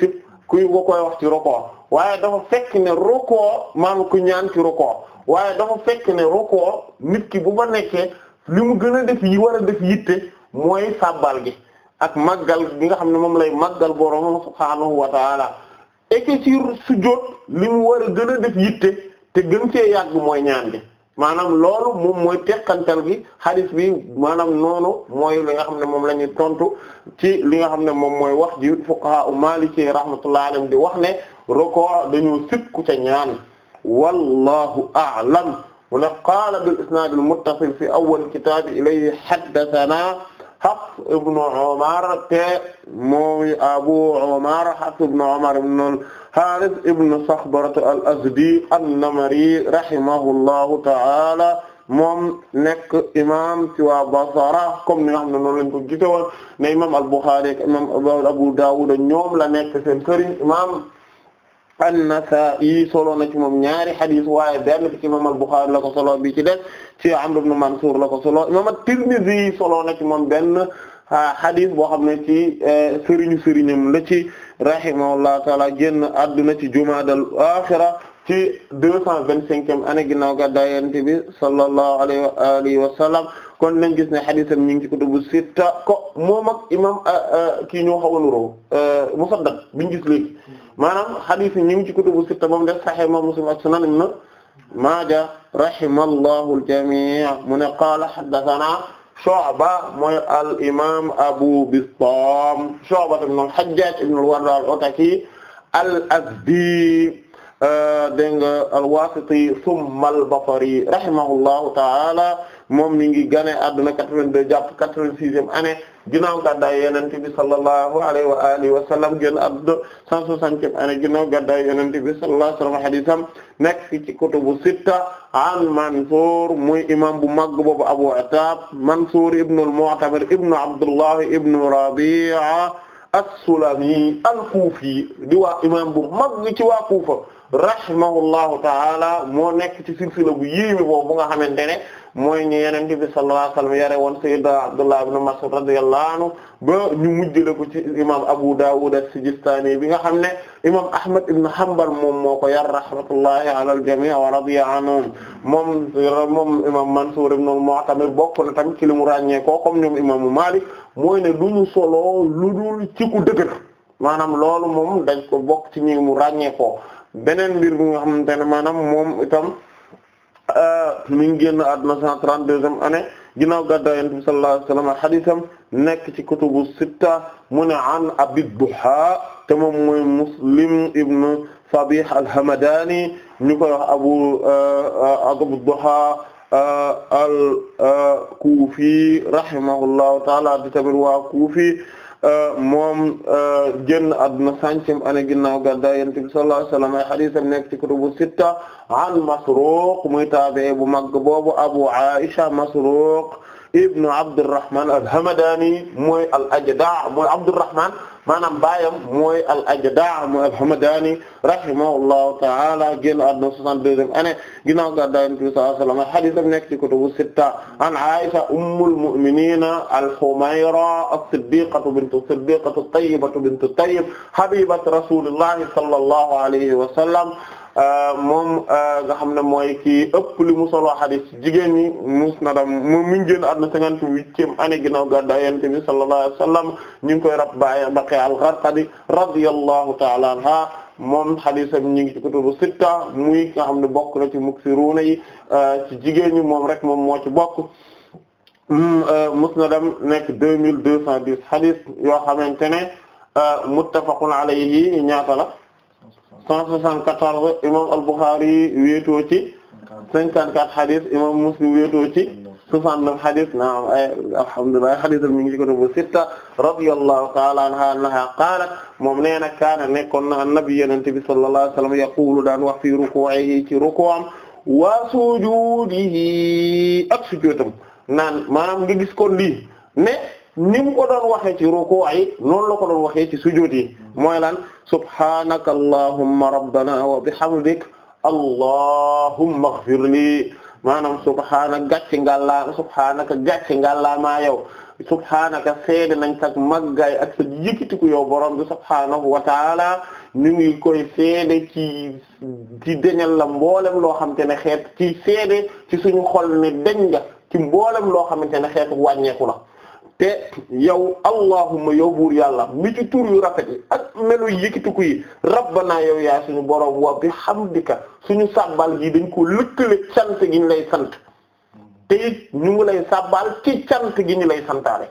kuy nga koy wax ci ruko waaye dafa fekk ne ruko maanaam ku ñaan ci ruko waaye dafa fekk ne ruko nit ki bu ma nekkee li mu gën a def yi war a def yitte mooy sabbal gi. ak màggal bi nga xam ne moom lay màggal boroomam subhaanahu wa taala et que sur sujjóot li mu war a gën a def yitte te gën cee yàgg mooy ñaan bi maanaam loolu moom mooy tekkantal gi hadith bi maanaam noonu mooy li nga xam ne moom la ñuy tontu ci li nga xam ne moom mooy wax ji fuqaha u maliki rahmatullahi alayhim di wax ne rekoor dañu sikku ca ñaan wallahu a'lam mu ne qaala bil isnaad al muttasil fi awwal kitaab ilayhi haddathana Hafs ibn Umar te mooy Abu Umar Hafs ibn Umar ibn al-Harith ibn Sakhbara al-Azdi an-Namari rahimahullahu ta'ala moom nekk imam ci waa Basra comme ni nga xam ne noonu lañ ko gisewoon ne imam al-Bukhari ak imam Abu Dawud ñoom la nekk seen sëriñ imam an-Nasaa'i solo na ci moom ñaari hadith waaye benn ci imam al-Bukhari la ko solo bi ci des ci Amr ibn la ko solo imam at-Tirmidhi solo na ci moom benn hadith ah, boo xam ne ci eh, sëriñu sëriñam la ci rahimahullahu ta'ala génn adduna ci jumaadal axira ci deux cent vingt-cinquième année ginnaaw gàddaay Yonent bi sallallahu alayhi wa alihi wa sallam kon nañ gis ne haditham ñu ngi ci kutubu sitta ko moom ak imam eh, eh, kii ñoo xaw a nuroo Musaddad biñu gis léegi maanaam hadith yi ñu ngi ci kutubu sitta ba mu def Sahih Imam Muslim ak Sunan Ibn Maaja rahimallahu al-jamii' mu ne qaala haddathanaa Shu'ba mooy al-imaam Abu Bistaam Shu'ba ibn al-Hajjaaj ibn al-Wardaa al-Ataki al-Azdi euh, dégg nga al-Waasiti thumma al-Basri rahimahullahu ta'aala moom mi ngi gane adduna 82 jàpp 86e année ginnaaw gàddaay yonent bi sallallahu alayhi wa alihi wa sallam génn àdduna 160 ane ginnaaw gàddaay yonent bi sallallahu alayhi wa sallam hadisam nekk fi ci kutubu sitta an Mansur muy imam bu mag boobu Abu Attab Mansur ibn al-Mu'tamir ibn Abdullah ibn Rabi'a as-Sulami al-Kufi di waa imam bu mag ci waa Kufa rahimahullahu ta'ala moo nekk ci silsila bu yéeme boobu nga xamante ne mooy ñu yenente bi sallallahu alayhi wasallam yare woon sayyidna Abdullah ibn Mas'ud radiyallahu anhu ba ñu mujjale ko ci imam Abu Dawud as-Sijistani bi nga xam ne imam Ahmad ibn Hanbal moom moo ko yar rahmatullahi ala al-jami' wa radiya anhum moom moom imam Mansur ibn al-Mu'tamir bokk na tamit ci li mu ràññee ko comme ñoom imamu Malik mooy ne duñu solo lu dul ci ku dëgër maanaam loolu moom dañ ko bokk ci ñi mu ràññee ko beneen mbir nga xamante ne maanaam moom itam Euh, mi ngi génn àdduna 132e année ginnaaw gàddaay Yonent bi sallallahu alayhi wa sallam hadiisam nekk ci kutubu sitta mu ne an Abi Duhaa te moom mooy Muslim ibn Sabih al-Hamadani ñu koy wax Abu euh, Abu Duhaa euh, al-Kufi rahimahullahu ta'ala di tamit waa Kufi Euh, moom euh, génn àdduna centième année ginnaaw gàddaay Yonent bi sallallahu alayhi wa sallam ay hadiisam nekk ci kutubu sitta an Masruuq muy taabi'i bu mag boobu Abu Aisha Masruuq ibnu Abdurrahman al-Hamdaani mooy al-Ajda' mooy Abdurrahman maanaam baayam mooy al-Ajda' mooy al-Hamdani rahimahullahu ta'ala génn àdduna 62e année ginnaaw gàddaay Yonent bi sallallahu alayhi wa sallam hadith am nekk ci kutubu sitta an Aisha ummul mu'minin al-Humayra as-Siddiqatu bintu as-Siddiqatu at-Tayyibatu bintu at-Tayyib habibatu rasulillahi sallallahu alayhi wa sallam Euh, moom euh, nga xam ne mooy kii ëpp li mu solo hadis jigéen ñi musnadam moom mi ngi génn àdduna cinquante-huitième année ginnaaw gàddaay Yonent bi sallallahu alayhi wa sallam ñu ngi koy rab bàyyi Baqi al-Gharqadi radiyallahu ta'ala anha moom hadisam ñu ngi ci kutubu sitta muy nga xam ne bokk na ci muksiruuna yi euh, ci jigéen ñi moom rek moom moo ci bokk hmm, musnadam nekk deux mille deux cent dix hadis yoo xamante ne muttafaqun alayhi ñaata la cent soixante-quatorze imam al-Bukhari wéetoo ci cinquante-quatre hadith imam Muslim wéetoo ci soixante hadith alhamdulillah hadith mi ngi ci sitta radiyallahu ta'ala anha annaha qaalat moom nee na kaana nekkoon na annabi yenente bi sallallahu yaqulu daan wax fi ruku'ihi ci ruku'am wa sujudihi ak sujudam naan maanaam nga gis kon lii ne ni mu ko doon waxee ci ruku'i noonu la ko doon waxee ci sujud mooy lan subhaanaka allahumma rabbana wa bihamdik allahumma ighfirli maanaam subhaanaka gàcce ngàllaa subhaanaka gàcce ngàllaa maa yow subhaanaka seede nañ sag màggaay ak sa yëkkatiku yow borom bi subhaanahu wa taala ñu ngi koy seede ci ci deñal la mboolem loo xamante ne xeet ci seede ci suñu xol ne deñ nga ci mboolem loo xamante ne xeetu wàññeeku la te yow allahumma yow buur yàlla mi ci tur yu rafet yi ak melo yëkkatiku yi rabbana yow yaay suñu boroom wa bihamdika suñu sàbbal gi dañ ko lëkkale cant gi ñu lay sant te it ñu ngi lay sàbbal ci cant gi ñu lay santaale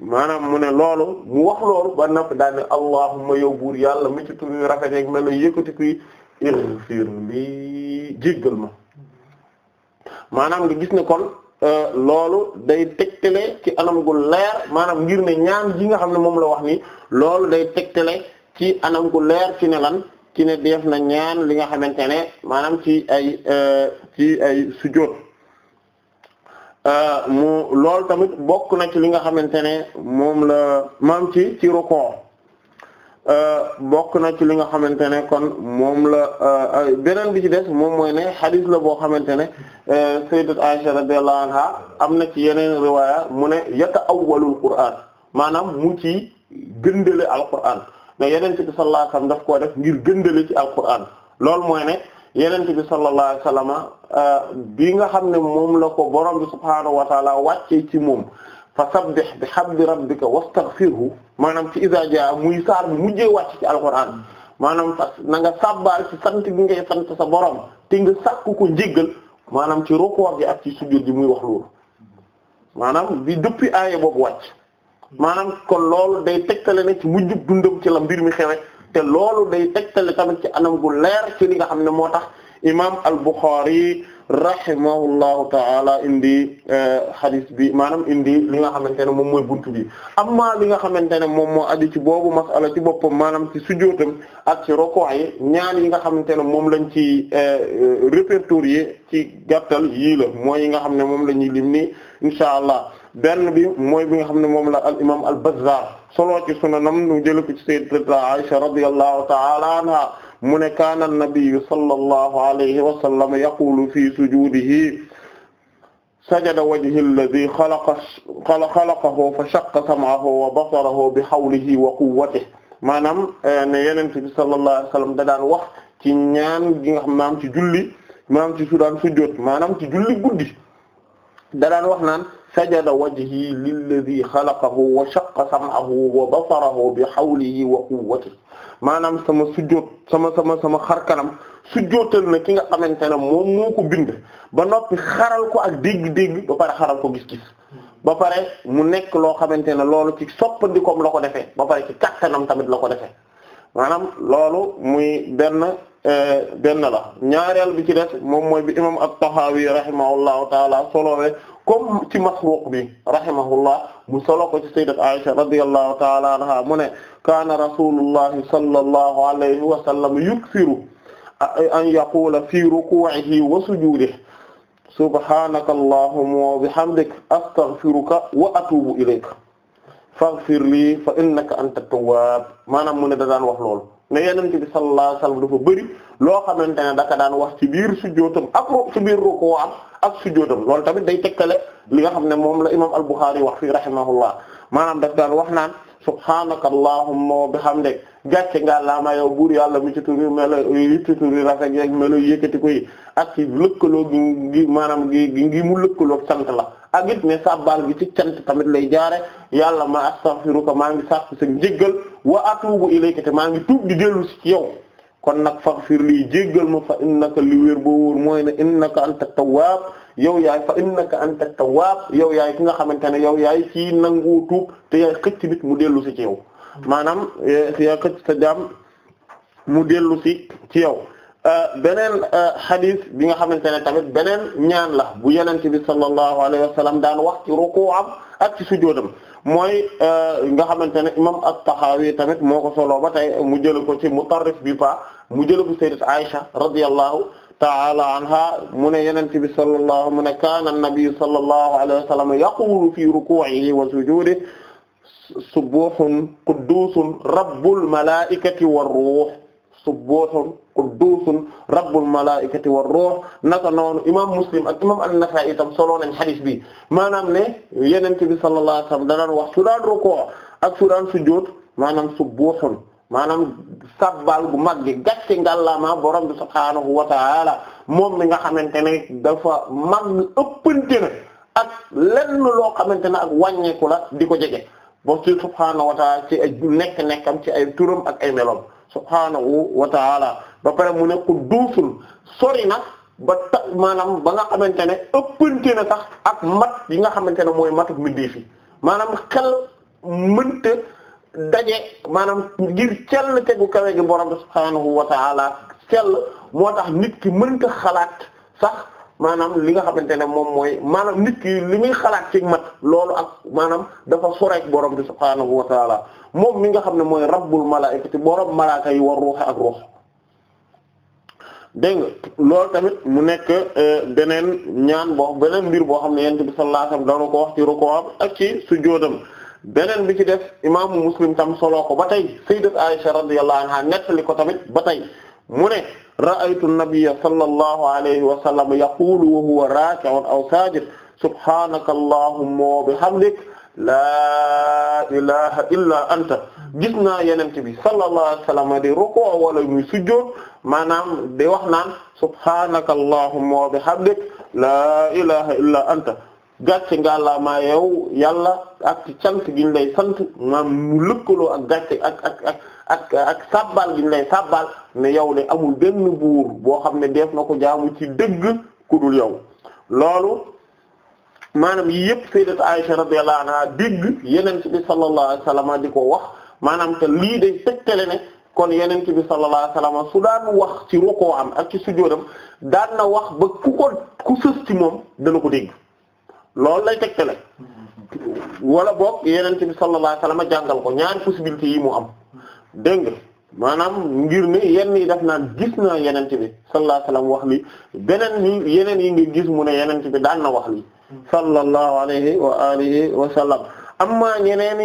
maanaam mu ne loolu mu wax loolu ba napp daal ne allahumma yow buur yàlla mi ci tur yu rafet yi ak melu yëkkatiku yi ighfir li jéggal ma maanaam nga gis ne kon Euh, loolu day tegtale ci anam gu leer maanaam ngir ne ñaan ji nga xam ne moom la wax ni loolu day tegtale ci anam gu leer ci ne lan ci ne def na ñaan li nga xamante ne maanaam ci ay euh, ci ay sujjóot euh, mu loolu tamit bokk na ci li nga xamante ne moom la maam ci ci rukoo Euh, bokk na ci li nga xamante ne kon moom la euh, beneen bi ci des moom mooy ne hadith la boo xamante ne euh, sayyidat Aisha radiyallahu anha am na ci yeneen riwaaya mu ne yata'awwalul Qur'an maanaam mu ci gëndale Alqur'an ne Yonent bi sallallahu alayhi wasallam daf koo def ngir gëndale ci Alqur'an loolu mooy ne Yonent bi sallallahu alayhi wasallam bi nga xam ne moom la ko borom bi subhaanahu wa ta'ala ci moom. fa sabbih bihamdi rabbika wastaghfirhu maanaam ci iza jaa muy saar bi mujjee wàcc ci alquran maanaam fas na nga sabbaal ci sant bi ngay sant sa borom te nga sakku ko njéggal maanaam ci rukkoo gi ak ci sujjóot bi muy wax loolu maanaam bi depuis aaya boobu wàcc maanaam kon loolu day tegtale ne ci mujjub dundam ci la mbir mi xewe te loolu day tegtale tamit ci anam gu leer ci li nga xam ne moo tax imam al-Bukhari rahimahullahu ta'ala indi eh, hadith bi maanaam indi li nga xamante ne moom mooy bunt bi amma li nga xamante ne moom moo aju ci boobu masala ci boppam maanaam ci sujjóotam ak ci roko yi yi nga xamante ne moom lañ ci eh, répertorier ci gàttal yii la mooy yi nga xam ne moom la ñuy lim ni insha allah benn bi mooy bi nga xam ne moom la al imam al Bazzar solo ci sunanam nu jël ko ci sayyidat Aisha radiyallahu ta'ala anha mu ne kaana an-nabiyyu sallallahu alayhi wa sallam yaqulu fi sujuudihi sajada wajhi alladhi xalaqa xalaqahu fa shaqqa sam'ahu wa basarahu bi hawlihi wa quwwatihi maanaam eh, ne Yonent bi sallallahu alayhi wa sallam da daan wax ci ñaan gi nga xam maam ci julli maam ci sudaan sujjóot maanaam ci julli guddi da daan wax naan sajada wajhi lilladhi xalaqahu wa shaqqa sam'ahu wa basarahu bi hawlihi wa quwwatihi maanaam sama sujjóot sama sama sama xar kanam sujjóotal na ki nga xamante ne moom moo ko bind ba noppi xaral ko ak dégg-dégg ba pare xaral ko gis-gis ba pare mu nekk loo xamante ne loolu ci soppandikoom la ko defee ba pare ci kattanam tamit la ko defee maanaam loolu muy benn eh, benn la ñaareel bi ci def moom mooy bi imam at-Tahawi rahimahullahu taala solowee comme ci Masruq bi rahimahullah mu solo ko ci sayyidat Aisha radiyallahu ta'ala anha mu ne kaana rasulullahi sallallahu alayhi wa sallam yukthiru an yaqula fi ruku'ihi wa sujudihi subhanaka allahumma wa bihamdika astaghfiruka wa atubu ilayka faghfir li fa innaka anta tawwab maanaam mu ne da daan wax loolu ne yenente bi sallallahu alayhi wasallam dafa bëri loo xamante ne daka daan wax ci biir sujjóotam ak ci biir ruku am ak sujjóotam loolu tamit day tekkale li nga xam ne moom la imam al-Bukhari wax fii rahimahullah maanaam daf daan wax naan subhaanaka allahumma xam bihamdik gàcce nga laa ma yow buur yàlla mi ci turi melo ci turi rafet yeeg melo yëkkati ko yi ak ci lëkkaloo gi ngi maanaam gi ngi mu lëkkaloo sant la ak it ne sabbal gi ci cant tamit lay jaare yàlla ma astaghfiruka maa ngi sàkku sa njéggal wa atubu ilayka te maa ngi tuub di dellu ci yow kon nag faghfir lii jéggal ma fa innaka li wér boo wóor mooy ne innaka anta tawwaab yow yaay fa innaka anta tawwaab yow yaay ki nga xamante ne yow yaay ci nangu tuub te yaay xëcc nit mu dellu si ci yow maanaam eh, yaay xëcc sa jaam mu dellu si ci yow Euh, beneen euh, xadis bi nga xamante ne tamit beneen ñaan la bu yenente bi sallallahu alayhi wa sallam daan wax ci ruku'am ak ci sujoodam mooy euh, nga xamante ne imam at-Tahawi tamit moo ko soloo ba tey mu jël ko ci Mutarrif bi pa mu jël ko sayyidat Aisha radiyallahu ta'ala anha mu ne yenente bi sallallahu mu ne kaana an-nabiyyu sallallahu alayhi wa sallam yaqulu fi ruku'ihi wa sujudihi subbuhun quddusun rabbul malaa'ikati war ruh subbootun qudduusun rabbul malaa'ikati war ruuh naka noonu imaam muslim ak imaam an-Nasaa'i itam solo nañ xadis bi maanaam ne yonent bi sallallahu alayhi wa wax su daan ak su daan sujjóot maanaam subbootun maanaam sabbal bu mag gi gàcce ngàllaamaa borom bi subhaanahu wa ta'aala moom mi nga xamante ne dafa mag ëppante na ak lenn loo xamante ne ak wàññeeku la di ko jege. boo ci subhaanahu wa taala ci ay nekk nekkam ci ay turam ak ay melom subhaanahu wa taala ba pare mu nekku qudduusun sori na ba ta maanaam ba nga xamante ne ëppante na sax ak mat yi nga xamante ne mooy matuk mbindeef yi maanaam xel mënta daje maanaam ngir sell tegu kawe gi borom subhaanahu wa taala moo tax nit ki mënta xalaat sax maanaam li nga xamante ne moom mooy maanaam nit ki li muy xalaat ci mat loolu ak maanaam dafa soreek boroom bi subhaanahu wa taala moom mi nga xam ne mooy rabbul malaa'ikati borom malaaka yi war ruuxe ak ruux dégg nga loolu tamit mu nekk euh, beneen ñaan boo beneen mbir boo xam ne yonent bi sallallahu alayhi ko wax ci rukuwam ak ci sujóodam beneen bi ci def imaamu muslim tam soloo ko ba tey sayyidat Aisha radiyallahu anha nettali ko tamit ba tey mu ne ra'aytu an-nabiyya sallallahu alayhi wa sallam yaqulu wa huwa raaki'un aw saajid subhaanaka allahumma wa bihamdik laa ilaha illa anta gis naa yenente bi sallallahu alayhi wa sallam di rukoo wala muy sujjoot maanaam di wax naan subhaanaka allahumma wa bihamdik laa ilaha illa anta gàcce ngàllaa maa yow yàlla ak ci cant giñ lay sant maam mu lëkkaloo ak gàcce ak ak ak ak ak sabbal gi ñu lay sabbal ne yow de amul benn buur boo xam ne def na ko jaamu ci dëgg ku dul yow loolu maanaam yii yëpp sayyidat Aisha radiyallahu anha dégg yonent bi sallallahu alayhi di ko wax maanaam te lii day tegtale ne kon yonent bi sallallahu alayhi wasallam su daan wax ci rukkoo am ak ci sujjóotam daan na wax ba ku ko ku sës ci moom dana ko dégg loolu lay tegtale wala boog yonent bi sallallahu alayhi wasallam jàngal ko ñaari possibilités yi mu am. dégg nga maanaam ngir ne yenn yi daf naan gis na yenent bi sallallahu alayhi wa wax li beneen ni yeneen yi nga gis mu ne yenent bi daan na wax li sallallahu alayhi wa alihi wa sallam amma ñeneen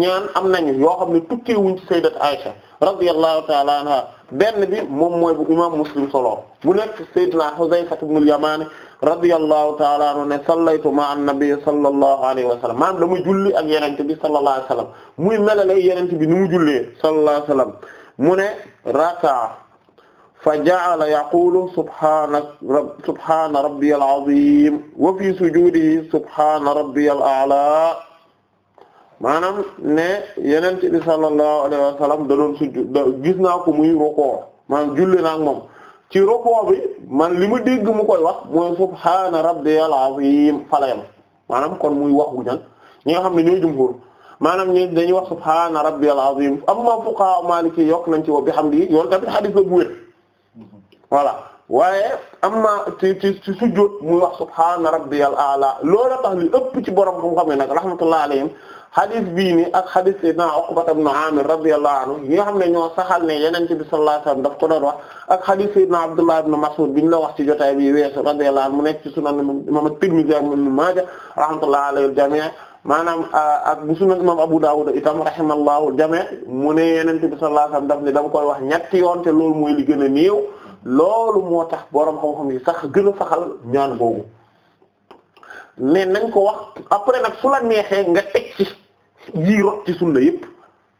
ñaan am nañu yoo xam ne tukkee wuñ ci sayyidat Aisha radiyallahu ta'ala anha benn bi moom mooy bu imam muslim solo bu nekk sayyidina Huzayfa ibn al-Yamani radiyallahu ta'ala anhu ne sallaytu ma'a an-nabi sallallahu alayhi wa sallam maanaam dama julli ak yenente bi sallallahu alayhi wa sallam muy melale yenente bi ni mu jullee sallallahu alayhi wa sallam mu ne raka'a fa ja'ala yaqulu subhana subhana rabbiyal azim wa fi sujudihi subhana rabbiyal a'la maanaam ne yeneen bi sallallahu alayhi wa sallam da doon gis naa ko muy rokoo maanaam julli naa moom ci rokoo bi man li mu dégg mu koy wax mooy subhaana rabbiyal azim falayam maanaam kon muy waxu ñan ñi nga xam ne ñooy jumhur maanaam ñi dañuy wax subhaana rabbiyal azim amma fuqaha maliki yokk nañ ci bi bihamdi yoon tamit xadis la bu wér voilà waaye amma ci ci ci sujud muy wax subhaana rabbiyal a'la loolu tax li ëpp ci borom xam-xam ne nag rahmatullahi alayhim xadis bii ni ak xadis sayyidina Uqbata ibn Amir radiyallahu anhu yi nga xam ne ñoo saxal ne Yonent bi sallallahu alayhi wasallam daf ko doon wax ak xadis sayyidina Abdullah ibn Mas'ud biñ la wax ci jotaay bi weesu radiyallahu anhu mu nekk ci sunan imam Tirmidhi ak Ibn Maaja rahmatullahi alayhi al-jami' maanaam ah, ak bu sunan imam Abu Dawud itam rahimahullahu al-jami' mu ne Yonent bi sallallahu alayhi wasallam daf ne dama koy wax ñetti yoon te loolu mooy li gën a néew loolu moo tax borom xam-xam yi sax gën a saxal ñaan boobu mais nañ ko wax après nag fula la neexee nga teg ci yii rot ci sunna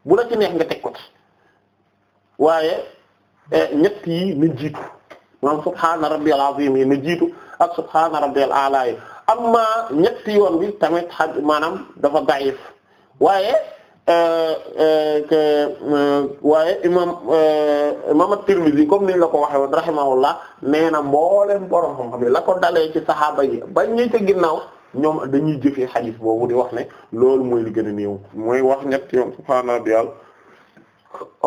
bu la ci neex nga teg ko ci waaye eh, ñett yi na jiitu maanaam subhaana rabbiyal azim yi na jiitu ak subhaana rabbiyal a'la yi amma ñetti yoon bi tamit xaj maanaam dafa dayif waaye Euh, euh, euh, waaye imam imam at-Tirmidhi comme ni la ko waxee woon rahimahullah nee na mboolem borom xam-xam yi la ko dalee ci saxaaba yi bañ ñi ci ginnaaw ñoom dañuy jëfee xadis boobu di wax ne loolu mooy li gën a mooy wax ñett yoon subhaana rabbiyal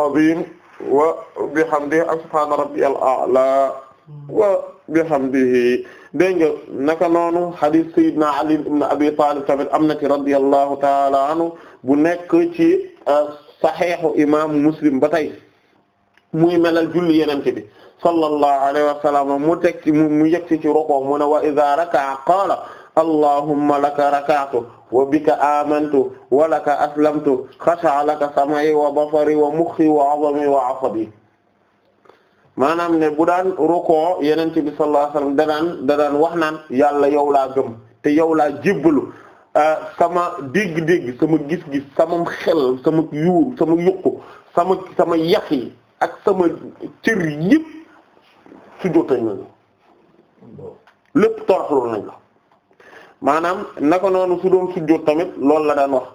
azim wa bihamdihi ak subhaana rabbiyal a'la wa bihamdihi dégg nga naka noonu hadith Seydina Ali ibn Abi Talib tamit am na ci radiyallahu taala anhu bu nekk ci euh, saxiixu imaamu Muslim ba tey muy melal julli Yonent bi sallallahu alayhi wa sallam mu teg ci mu yegsi ci rukuu mu ne wa idha raka'a qaala allahumma laka raka'tu wa bika amantu wa laka aslamtu khasha'a laka sam'i wa basari wa mukhi wa 'azami wa 'asabi maanaam ne bu daan rukoo yenente bi sallallahu alayhi wasallam danaan danaan wax naan yàlla yow laa gëm te yow laa jébbalu euh, sama dégg-dégg sama gis-gis sama xel sama yuur sama yuqu sama sama yax yi ak sama cër yëpp sujjóotañ nañ lépp toroxlu nañ la maanaam naka noonu su doon sujjóot tamit loolu la daan wax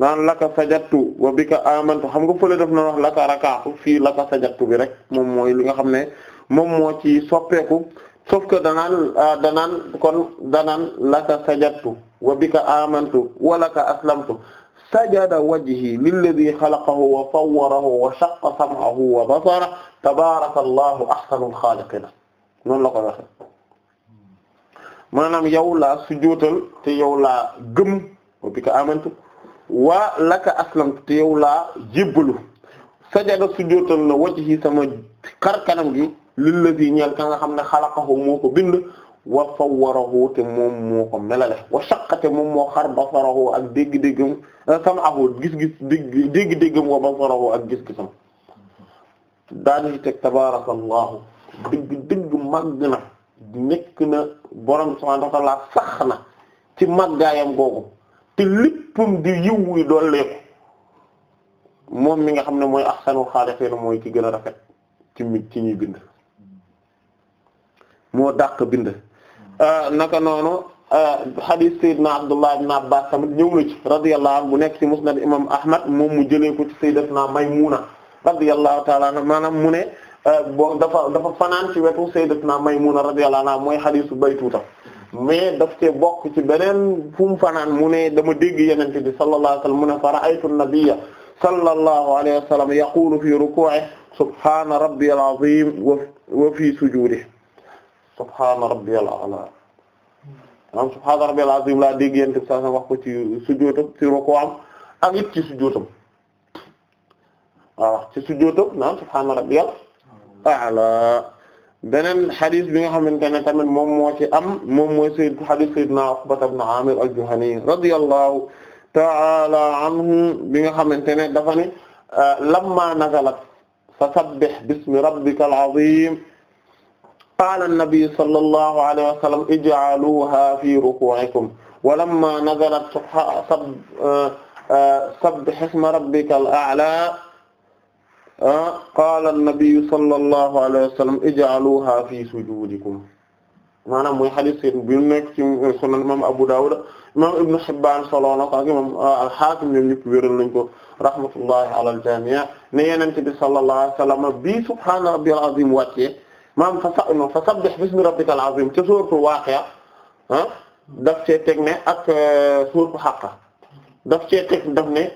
naan laka sajattu wa bika amantu xam nga fële daf na wax laka rakaatu fii laka sajattu bi rek moom mooy li nga xam ne moom moo ci soppeeku sauf que danaan ah, danaan kon danaan laka sajattu wa bika amantu wa laka aslamtu sajada wajhi lilladhi xalaqahu wa sawwarahu wa shaqqa sam'ahu wa basarahu tabaraka allahu ahsanul xaaliqiina noonu la ko waxe maanaam yow laa te yow laa wa bika amantu waa laka aslamtu te yow laa jébbalu sajada sujjóotal na wajhi sama xar kanam gi lillazi ñeel ka nga xam ne xalaqahu moo ko bind wa sawwarahu te moom moo ko melale wa shaqqate moom moo xar basarahu ak dégg-déggam eh, sam'ahu gis-gis dégg dégg-déggam wa basarahu ak gis-gisam daal di teg tabarakallahu dëgg dëgg màgg na nekk na borom subhanahu wa ta'ala sax na ci màggaayam googu te léppam di yiw wuy dolleeku moom mi nga xam ne mooy ahsanul xaaliqiin mooy ci gën a rafet ci mi ci ñuy bind moo daq bind ah, naka noonu ah, hadith sayyidina abdullah ibn abbas tamit ñëw na ci radiyallahu anhu bu nekk ci musnad imam ahmad moom mu jëlee ko ci sayyidatuna maymuna radiyallahu ta'ala anha maanaam mu ne ah, bon dafa dafa fanaan ci wetu may maymuna radiyallahu anha mooy hadithu baytuta mais daf cee bokk ci beneen fu mu fanaan mu ne dama dégg yenente bi sallallahu alayhi wa sallam mu ne fa ra'aytu an-nabiyya sallallahu alayhi wa sallam yaqulu fi ruku'ihi subhana rabbiyal azim wa fi sujudihi subhana rabbiyal a'la maanaam subhana rabbiyal azim laa dégg yenente bi sallallahu wax ko ci sujuudam ci ruku'am ak it ci sujuudam waaw ci sujuudam naan subhana rabbiyal a'la beneen xadis bi nga xamante ne tamit moom moo ci am moom mooy sayyid xadis sayyidina Uqbata ibn Amir al-Juhani radiyallahu ta'ala anhu bi nga xamante ne dafa ne ah, lamma nazalat fasabbih bismi rabbikal azim qaala an-nabi sallallahu alayhi wa sallam ij'aluha fi ruku'ikum wa lamma nazalat ah, ah, sabbih isma rabbikal a'la Ah, qaala an-nabiyyu sallallahu alayhi wa sallam ij'aluha fi sujuudikum maanaam mooy hadith seen bi nekk ci sunan imam Abu Dawud imam Ibn Hibban solo na ko ak imam ah, al-Hakim ñoom ñëpp wéral nañ ko rahmatullahi ala al-jami' ne Yonent bi sallallahu alayhi wa sallam bi subhaana rabbiyal azim wàccee maam fa sa fa sabbih bismi rabbikal azim ca suuratul Waaqi'a ah daf cee teg ne ak eh, suuratul Haqqa daf cee teg daf ne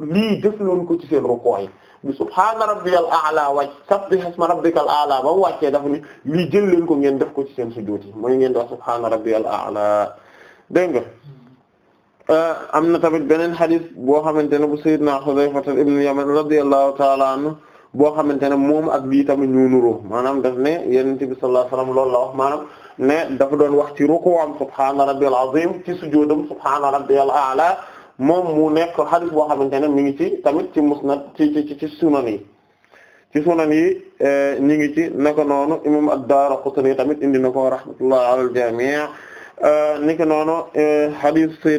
lii def loon ko ci seen rukkoo yi bi subhaana rabbiyal a'la waaj sabbih isma rabbikal a'la ba mu wàccee dafa ni lii jël leen ko ngeen def ko ci seen sujjóot yi mooy ngeen di wax subhaana rabbiyal a'la dégg nga uh, am na tamit beneen xadis boo xamante ne bu sayyidina Xudayfa ibn Yaman radiyallahu ta'ala anhu boo xamante ne moom ak lii tamit ñu nuroo maanaam daf ne Yonent bi sallallahu alayhi wasallam loolu la wax maanaam ne dafa doon wax ci rukuwam subhaana rabbiyal azim a'la moom mu nekk xadis boo xamante ne mi ngi ci tamit ci musnad ci ci ci sunan yi ci sunan yi eh, ñu ngi ci naka noonu imam ad-Daaraqutni tamit indi na ko rahmatullahi ala al-jamii' eh, naka noonu eh,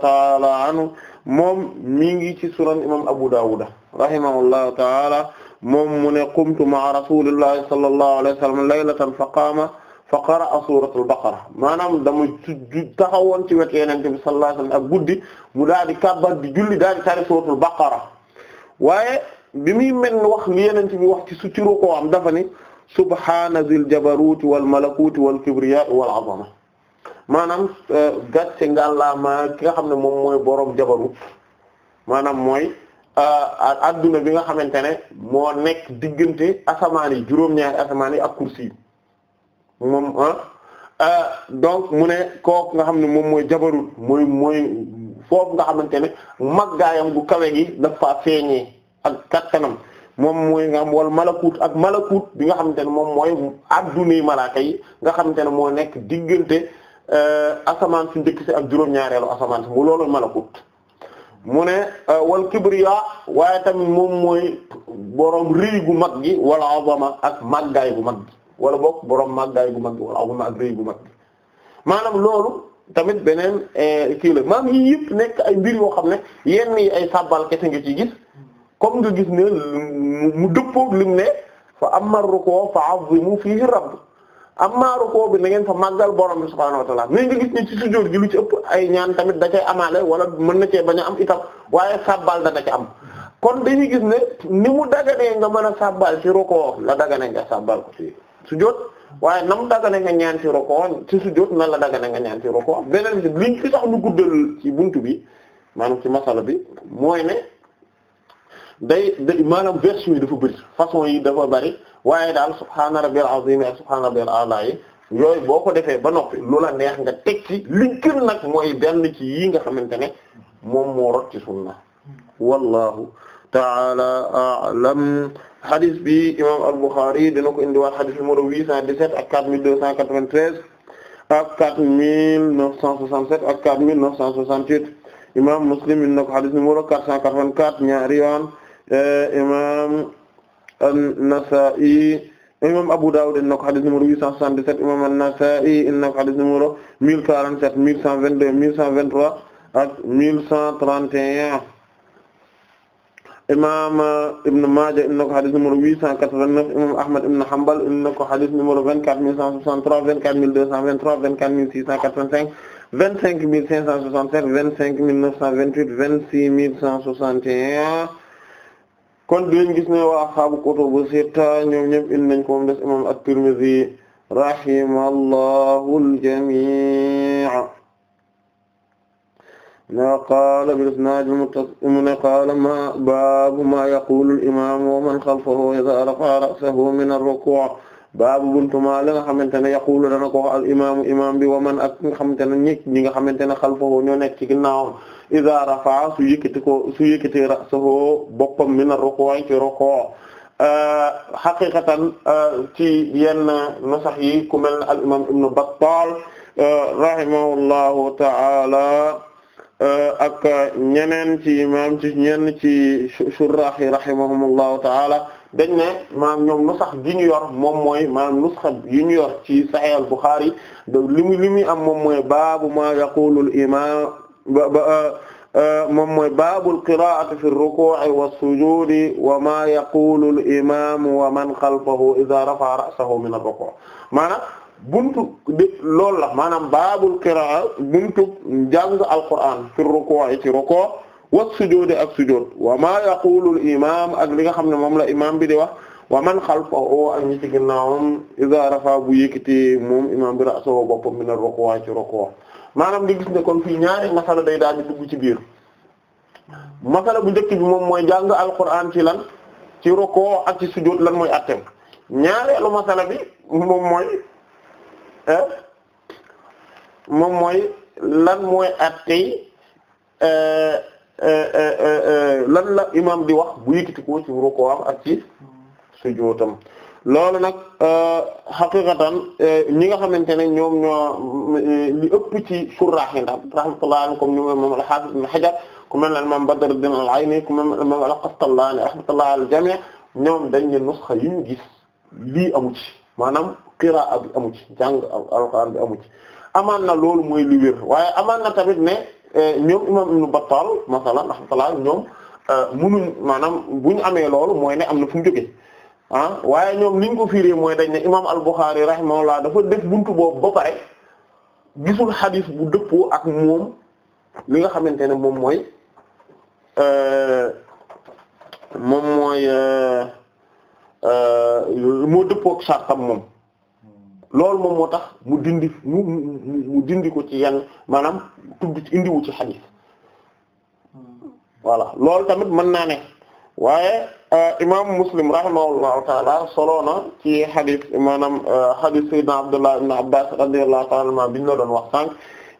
ta'ala anhu moom mi ngi ci sunan imam Abu Daawuda rahimahullahu ta'ala moom mu ne qumtu ma'a rasulillahi sallallahu alayhi wa sallam laylatan fa qaama fa qara'a suuratul baqara maanaam dama taxawoon ci wet yenente bi sallallahu alayhi wasallam ak guddi mu daal di kàbbar di julli daal di tari suuratul baqara waaye bi muy mel ni wax li yenente bi wax ci su ciro koo am dafa ni subhaana zil jabaruuti wal malakuuti wal kibriyaa wal azama maanaam euh, gàcce ngàllaamaa ki nga xam ne moom moy boroom jabaru maanaam mooy euh, adduna bi nga xamante ne moo nekk diggante asamaan yi juróom-ñaari asamaan yi ak kursi yi moom ah, ah, donc mu ne kooku nga xam ne moom mooy jabarut mooy mooy foofu nga xamante ne maggaayam gu kawe gi dafa feeñee ak kattanam moom mooy nga xam wala malakut ak malakut bi nga xamante ne moom mooy addunay malaaka yi nga xamante ne moo nekk diggante eh, asamaan su njëkk si ak juróom-ñaareelu asamaan si mu loolu malakut mu ne eh, wal kibriya waaye tamit moom mooy borom rëy gu mag gi wala azama ak maggaay gu mag gi wala bokk boroom màggaay bu mag bi wala awma ak bu mag maanaam loolu tamit beneen eh, kii la maam yii yëpp nekk ay mbir yoo xam ne yenn yi ay sabbal kese nga ciy gis comme nga gis ne mu dëppoog lim ne fa amma ruku fa azimu fihi rabb amma ruku bi na ngeen fa màggal borom bi subhaanahu wa ta'ala mais nga gi lu ci ëpp ay tamit da amaale wala mën na cee bañ a am itam waaye sabbal dana ci am kon dañuy gis ne ni mu nga mën a sabbal ci la daganee nga sabbal ko ci sujjóot waaye nam dagane nga ñaan ci roko ci sujjóot nan la dagane nga ñaan ci roko beneen bi liñ fi tax lu guddal ci buntu bi maanaam ci masala bi mooy ne day day maanaam version yi dafa bëri façon yi dafa bari waaye daal subhaana rabbil azim ak subhaana rabbil yi yooyu boo ko defee ba noppi lu a neex nga teg ci liñ gën nag mooy benn ci yi nga xamante ne moom moo rot ci sunna wallahu ta'ala a'lam xadis bi imam al-Bukhari dina ko indiwaat xadis numéro 817 ak 4293 ak 4967 ak 4968 imam Muslim dina ko xadis numéro 484 ñaari yoon eh, imam an-Nasa'i imam Abu Dawud dina ko xadis numéro 877 imam an-Nasa'i dina ko xadis numéro 1047 1122 1123 ak 1131 imam Ibn Maaja indi na ko xadis numéro 889 imam Ahmad ibn Hanbal indi na ko xadis numéro 24163 24223 24685 25567 25928 26161 kon dinañ gis ne waa ashaabu kutubu sitta ñoom ñëpp indi nañ ko moom des imam at-Tirmidhi rahimahullahu al-jamii' na qaala bil-isnaad al-muttasil mu ne qaala ma baabu maa yaquulu al-imaamu wa man xalfahu izaa rafa'a ra'sahu min ar-rukuu' baabu buntu maa la nga xamante ne yaquulu dana ko al-imaamu imaam bi wa man ak nga xamante ne ñi ñi nga xamante ne xalfahu ñoo nekk ci ginnaawam izaa rafa'a su yëkkati ko su yëkkati ra'sahu boppam min ar-rukuu' ci rukuu' xaqiqatan ci yenn nasax yi ku mel ne al-imaam Ibn Battaal rahimahullahu ta'aala Euh, ak ñeneen ci maam ci ñenn ci surraax yi rahimahumullahu taala dañ ne maam ñoom nusax gi ñu yor moom mooy maam nusxa yi ñu yor ci Sahih al-Bukhari da li mu li muy am moom mooy baabu ma yaqulu al-imam euh, euh, moom mooy baabul qiraa'ati fi ar-ruku'i was-sujudi wa ma yaqulu al-imam wa man xalfahu idha rafa'a ra'sahu min ar-ruku' maanaam buntu de loolu la maanaam baabul qiraa buntu jàng alquran fi ruku'i ci ruku' wa sujuud ak sujuud wa maa yaqulu imaam ak li nga xam ne moom la imaam bi di wax wa man xalfahu ak ñi ci ginnaawam iza rafa bu yëkkatee moom imaam bi ra'sahu boppam min ar-ruku' ci ruku' maanaam nga gis ne kon fii ñaari masala day daal di dugg ci biir masala bu njëkk bi moom mooy jàng alquran ci lan ci ruku' ak ci sujuud lan mooy attem ñaareelu masala bi moom mooy. Euh, moom mooy lan mooy attey euh, euh, lan la imam di wax bu yëkkati ko ci ruku am ak ci sujootam loolu nag xaqiqatan ñi nga xamante ne ñoom ñoo li ëpp ci surraax yi ndax rahmatullah alayhim ñoom imam al-Hafiz ku mel ne imam Badruddin al-Ayni ku mel ne imam al-Qastallaani al-jami' ñoom dañ ne nusxa yi gis lii amu ci qiraa bi amu ci jàng alxuraan bi amaan na loolu mooy li wér waaye amaan na tamit ne eh, ñoom imam ibnu Battal masalan ñoom eh, mu maanaam bu ñu amee lool mooy ne am na fu mu ah waaye ñoom niñ ko fiiree mooy dañ ne imam al-Bukhari rahimahullah dafa def buntu boobu ba pare gisul xadis bu dëppoo ak moom li nga xamante ne moom mooy eh, moom mooy moo dëppoo ak sartam moom loolu moom moo tax mu dindi mu mu dindi ci yan maanaam tudd ci indiwu ci xadis voilà loolu tamit mën naa ne waaye euh, imaamu muslim rahimahullahu taala solo na ci xadis maanaam euh, xadis sayyidina Abdullah ibn Abbas radiyallahu taala anhuma biñ la doon wax sànq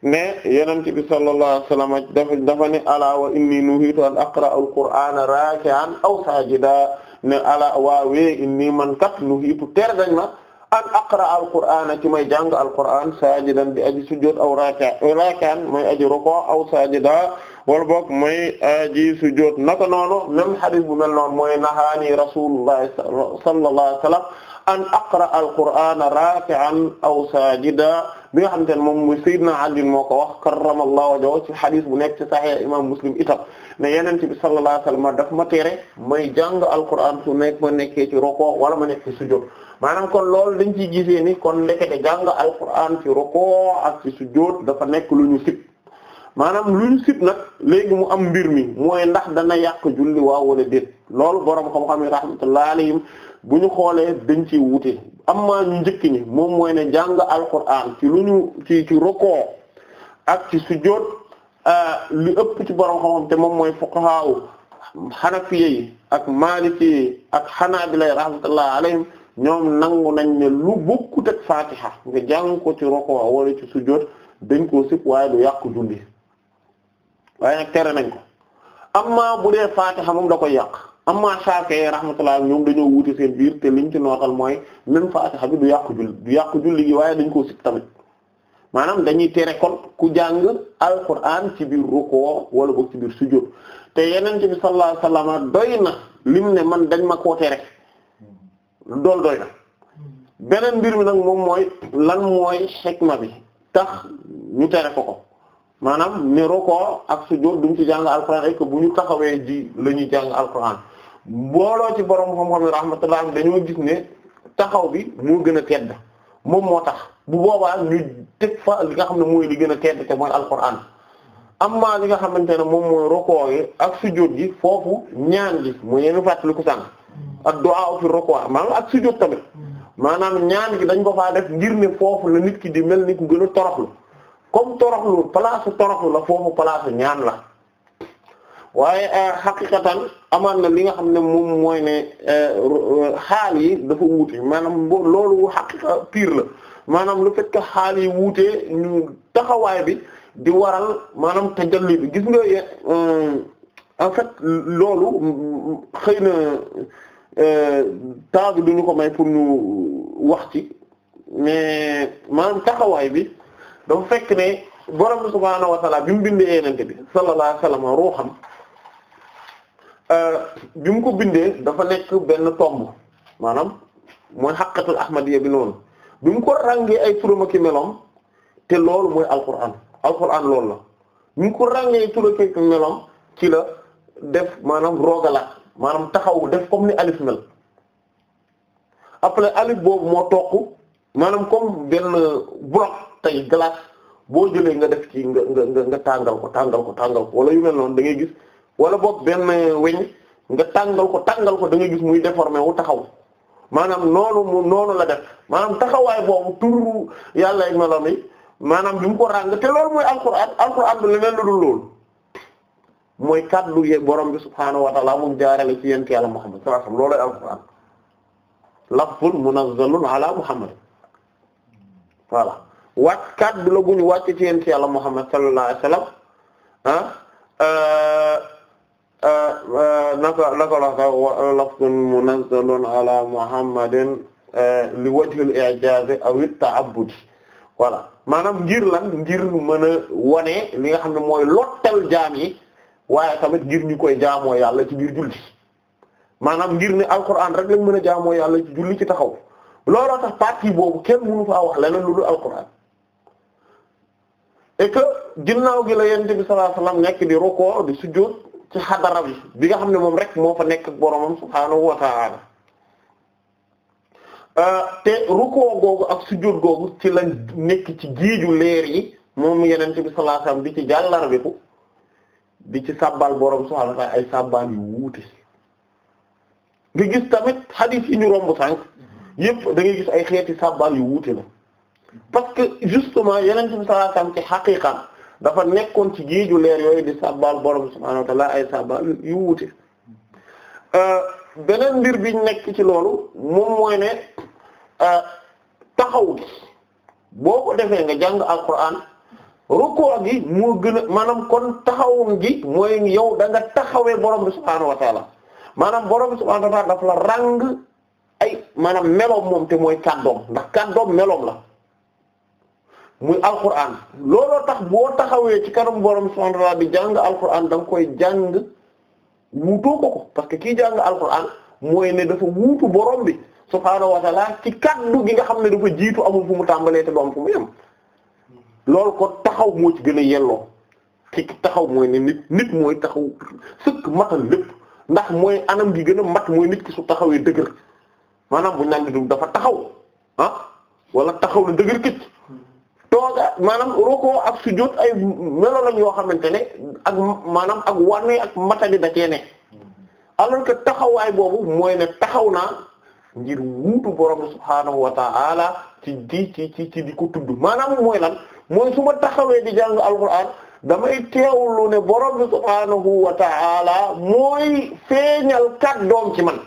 ne yonent bi sallallahu alayhi wa sallam dafa dafa ne ala wa inni nuhitu an aqra'a al-qur'ana raaki'an aw saajida ne ala waawee inni man kat nuhitu ter dañ ma an aqra alqur'ana ci may jàng alqur'an sajidan bi aji sujud aw raki'an raki'an may aji ruku' aw sajida wala boog may aji sujud naka noonu même hadith bu mel noonu mooy nahaani rasulullah sallallahu alayhi wasallam an aqra alqur'ana raki'an aw sajida bi nga xamante ne moom mooy Seydina Ali moo ko wax karramallahu wajhahu ci xadis bu nekk ci Sahih imam Muslim itam ne Yonent bi sallallahu alayhi wa sallam daf ma tere may jàng alquran su nekk ma nekkee ci roko wala ma nekk ci sujjóot maanaam kon loolu dañ ciy gisee ni kon ndekete jàng alquran ci roko ak ci sujjóot dafa nekk lu ñu sib maanaam lu ñu sib nag léegi mu am mbir mi mooy ndax dana yàq julli waaw wala déet loolu borom xam-xam yi bu ñu xoolee dañ ci wute amma ñu njëkk ñi moom mooy ne jàng alquran ci lu ñu ci ci ak ci sujjóot euh, li ëpp ci borom xam-xam te moom mooy fuqahaaw xanafiye yi ak maaliki yi ak xanaabila rahmatullah alayhim ñoom nangu nañ ne lu bokkut ak fatiha nga jàng ko ci rukoo wala ci sujjóot dañ koo sip waaye du yàq julli waaye nag tere nañ ko bu dee fatiha moom da koy yàq am amma Shafi'i rahmatullah ñoom dañoo wuute seen biir te liñ ci nootal mooy même Fatiha bi du yàqu julli du yàqu julli gi waaye dañ koo sit tamit maanaam dañuy tere kon ku jàng Alquran ci biir ruku wala boog ci biir sujud te yeneen bi sallallahu alayhi wasallam doy na lim ne man dañ ma koo tere dool doy na beneen mbir mi nag moom mooy lan mooy ma bi tax ñu tere ko maanaam ne ruku ak sujud duñ ci jàng Alquran ay que bu ñu taxawee ji la ñuy jàng Alquran. booloo ci borom xam-xam yi rahmatullah dañoo gis ne taxaw bi moo gën a tedd moom moo tax bu boobaa ñu teg fa li nga xam ne mooy li gën a tedd te mooy alquran amma li nga xamante ne moom mooy rokoo yi ak sujjóot gi foofu ñaan gi mu yéen fàttaliku sànq ak du'a fi rokoo maanaam ak sujjóot tamit maanaam ñaan gi dañ ko faa def ngir ne foofu la nit ki di mel ni ku gën a toroxlu comme toroxlu place toroxlu la foofu place ñaan la. waaye euh, xaqiqatan amaan na li nga xam ne moom mooy ne euh, xaal yi dafa wuute maanaam loolu xaqiqa pire la maanaam lu fekk xaal yi wuute ñu taxawaay bi di waral maanaam tajalli bi gis nga euh, en fait loolu xëy na temps bi duñu ko may pour ñu wax ci mais maanaam taxawaay bi dafa fekk ne borom subhaanahu wa ta'aala bi mu bindee yenente bi sallallahu alayhi ruuxam Euh, bi mu ko bindee dafa nekk benn tomb maanaam mooy xaqatul ahmadiyya bi noonu bi mu ko ràngee ay turam ak meloom te loolu mooy alquran alquran loolu la bi mu ko ràngee ay turam meloom ci la def maanaam roogalaat maanaam taxaw def comme ni alif mel après alif boobu moo toq maanaam comme benn bloc tey glace boo jëlee nga def ci nga nga tàngal ko tàngal ko tàngal ko wala yu mel noonu da ngay gis wala boog benn weñ nga tàngal ko tàngal ko da gis muy déformé wu taxaw maanaam noonu mu noonu la def maanaam taxawaay boobu turu yàlla ak meloom yi maanaam bi mu ko ràng te loolu mooy alquran alquran du leneen lu dul loolu mooy kaddu yeeg borom bi subhaanahu wa ta'ala moom jaarale ci yent yàlla Muhammad sallallahu alayhi wasallam loolooy alquran lafzun munazzalun ala Muhammad voilà wàcc kaddu la bu ñu wàcc ci yent yàlla Muhammad sallallahu alayhi wasallam ah, euh, Eh, eh, naka naka la ko lafsun munazzalun ala muhammadin eh, li wajhil i'jaz aw at wala voilà maanaam ngir lan ngir mën a wane li nga xam ne mooy lottal jaam yi waaye tamit ngir ñu koy jaamoo yàlla ci biir julli maanaam ngir ne alquran rek lañ mën a jaamoo yàlla ci julli ci taxaw looloo tax partie boobu kenn mënu faa wax leneen lu dul alquran et que ginnaaw gi la yonent bi sallallahu alayhi nekk di rukkoo di sujjóot ci xadara bi bi nga xam ne moom rek moo fa nekk ak boromam subhaanahu wa ta'ala euh, te rukkoo googu ak sujjóot googu ci lañ nekk ci géeju leer yi moom yeneen bi sallallahu alayhi wasallam di ci jàllarbiku di ci sabbal borom subhaanahu wa ta'ala ay sabbal yu wuute nga gis tamit hadith yi ñu romb sànq yëpp dangay gis ay xeeti sabbal yu wuute la parce que justement yeneen bi sallallahu ci xaqiiqa dafa nekkoon ci géeju leer yooyu di sabbal borom subhaanahu wa ta'aala ay sabbal yu wuute euh, beneen mbir biñ nekk ci loolu moom mooy ne euh, taxaw gi boo ko defee nga jàng alquran rukkoo gi moo gën a maanaam kon taxawum gi mooy yow danga nga taxawee borom bi subhaanahu wa ta'aala maanaam borom bi subhaanahu wa ta'aala la ràng ay maanaam meloom moom te mooy kàddoom ndax kàddoom meloom la muy alquran looloo tax boo taxawee ci kanam borom subhanahu bi jàng alquran da danga koy jàng wuutoo ko ko parce que ki jàng alquran mooy ne dafa wuutu borom bi subhanahu wa ta'ala ci kaddu gi nga xam ne dafa jiitu amul fu mu tàmbalee te du am fu mu yem loolu ko taxaw moo ci gën a yelloo ci taxaw mooy ne nit nit mooy taxaw sëkk matal lépp ndax mooy anam gi gën a mat mooy nit ki su taxawee dëgër maanaam bu ñu naan dafa taxaw ah wala taxaw la dëgër këcc tooga maanaam rukkoo ak sujjóot ay melo lañ yoo xamante ne ak maanaam ak wane ak matali da cee ne alors taxawaay boobu mooy ne taxaw naa ngir wuutu borom subhaanahu wa ci di ci ci ci tudd maanaam mooy lan mooy su ma taxawee di jàng alquran damay teewlu ne borom bi subhaanahu wa ta'ala mooy feeñal kàddoom ci man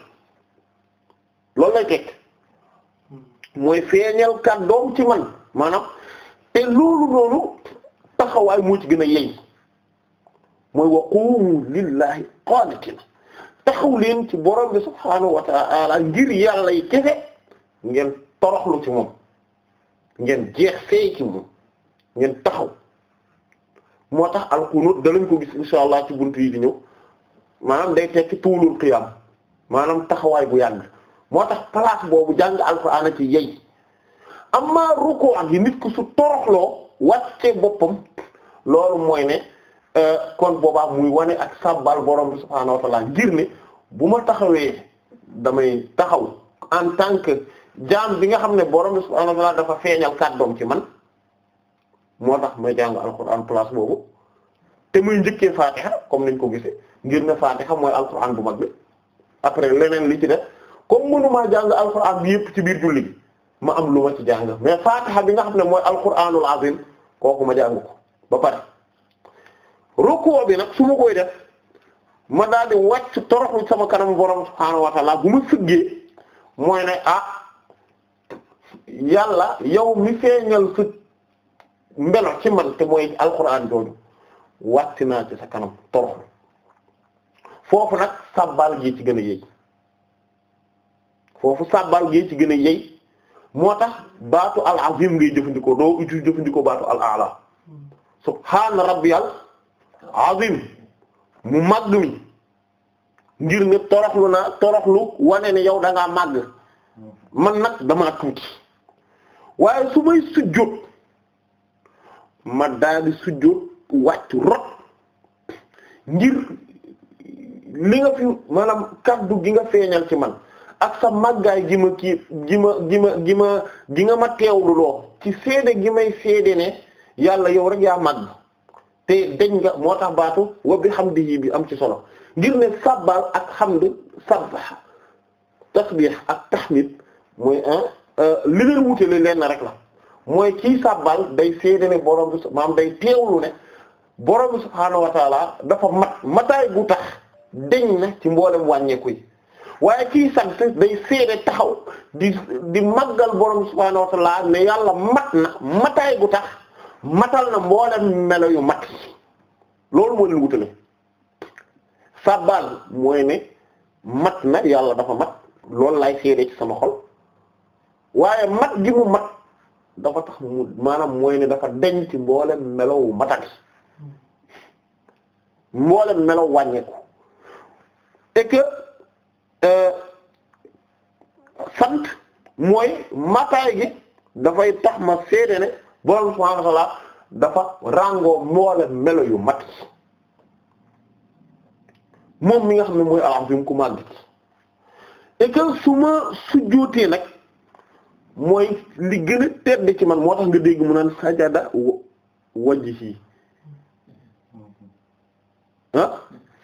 loolu lay teg mooy feeñal kàddoom ci man maanaam te loolu loolu taxawaay moo ci gën a yey mooy wa qumu lillahi qaanitin taxaw leen ci borom bi subhaanahu wa ta'ala ngir yàlla yi kese ngeen toroxlu ci moom ngeen jeex fee ci moom ngeen taxaw moo tax alqunut dalañ ko gis insha allah ci buntu yi di ñëw maanaam day tekki tuulul qiyam maanaam taxawaay bu yàgg moo tax place boobu jàng alquraan ci yey amma ruku ak yi nit ku su toroxloo wàcce boppam loolu mooy ne euh, kon boobaa muy wane ak sabbal borom bi subhaanahu wa ngir ne bu ma taxawee damay taxaw en tant que jaam bi nga xam ne borom bi subhaanahu wa ta'ala dafa feeñal kàddoom ci man moo tax may jàng alquran place boobu te muy njëkkee fatiha comme niñ ko gisee ngir ne fatiha mooy alquran bu mag bi après leneen li ci def comme mënuma jàng alquran bi yëpp ci biir julli gi ma am lu ma ci jàng mais faatiha bi nga xam ne mooy alquranul azim kooku ma jàng ko ba pare rukkoo bi nag su ma koy def ma daal di wàcc toroxlu sama kanam borom subhaanahu wa taala bu ma sëggee mooy ne ah yàlla yow mi feeñal sa mbelo ci man te mooy alquran jooju wàcc naa ci sa kanam toroxlu foofu nag sabbal gi ci gën a yey foofu sabbal gi ci gën a yey moo tax baatu al azim ngay jëfandikoo doo uti jëfandikoo baatu al ala subhaana rabbiyal azim mu màgg mi ngir ne toroxlu naa toroxlu wane ne yow da ngaa màgg man nag damaa tuuti waaye su may sujjóot ma daal sujjóot wàcc rot ngir li nga fi maanaam kaddu gi nga feeñal ci man ak sa màggaay gi ma kii gi ma gi ma gi ma gi nga ma teewlu ci seede gi may seede ne yàlla yow rek yaa màgg te deñ nga moo tax baatu wa bihamdihi bi am ci solo ngir ne sabbal ak xam hamd sabbaha tasbih ak tahmid mooy ah, euh, li leen wutale leen na rek la mooy kii sabbal day seede ne borom bi maam day teewlu ne dafa mat mataay bu tax deñ na ci mboolem wàññeeku yi waaye kii sant day seede taxaw di di màggal borom subhaanahu wa ta'ala ne yàlla mat na mataay gu tax matal na mboolem melo yu mat loolu moo leen wutale mooy ne mat na yàlla dafa mat loolu laay seede ci sama xol waaye mat gi mu mat dafa tax mu maanaam mooy ne dafa denc mboolem melow matati mboolem melow wàññeeku et Euh, sant mooy mataay gi dafay tax ma seede ne borom subhaanahu wa ta'aala dafa ràngoo moole melo yu mat moom mi nga xam ne mooy al-azim ku màgg et que su ma sujjóotee nag mooy li gën a tedd ci man moo tax nga dégg mu naan sajada wajhi ah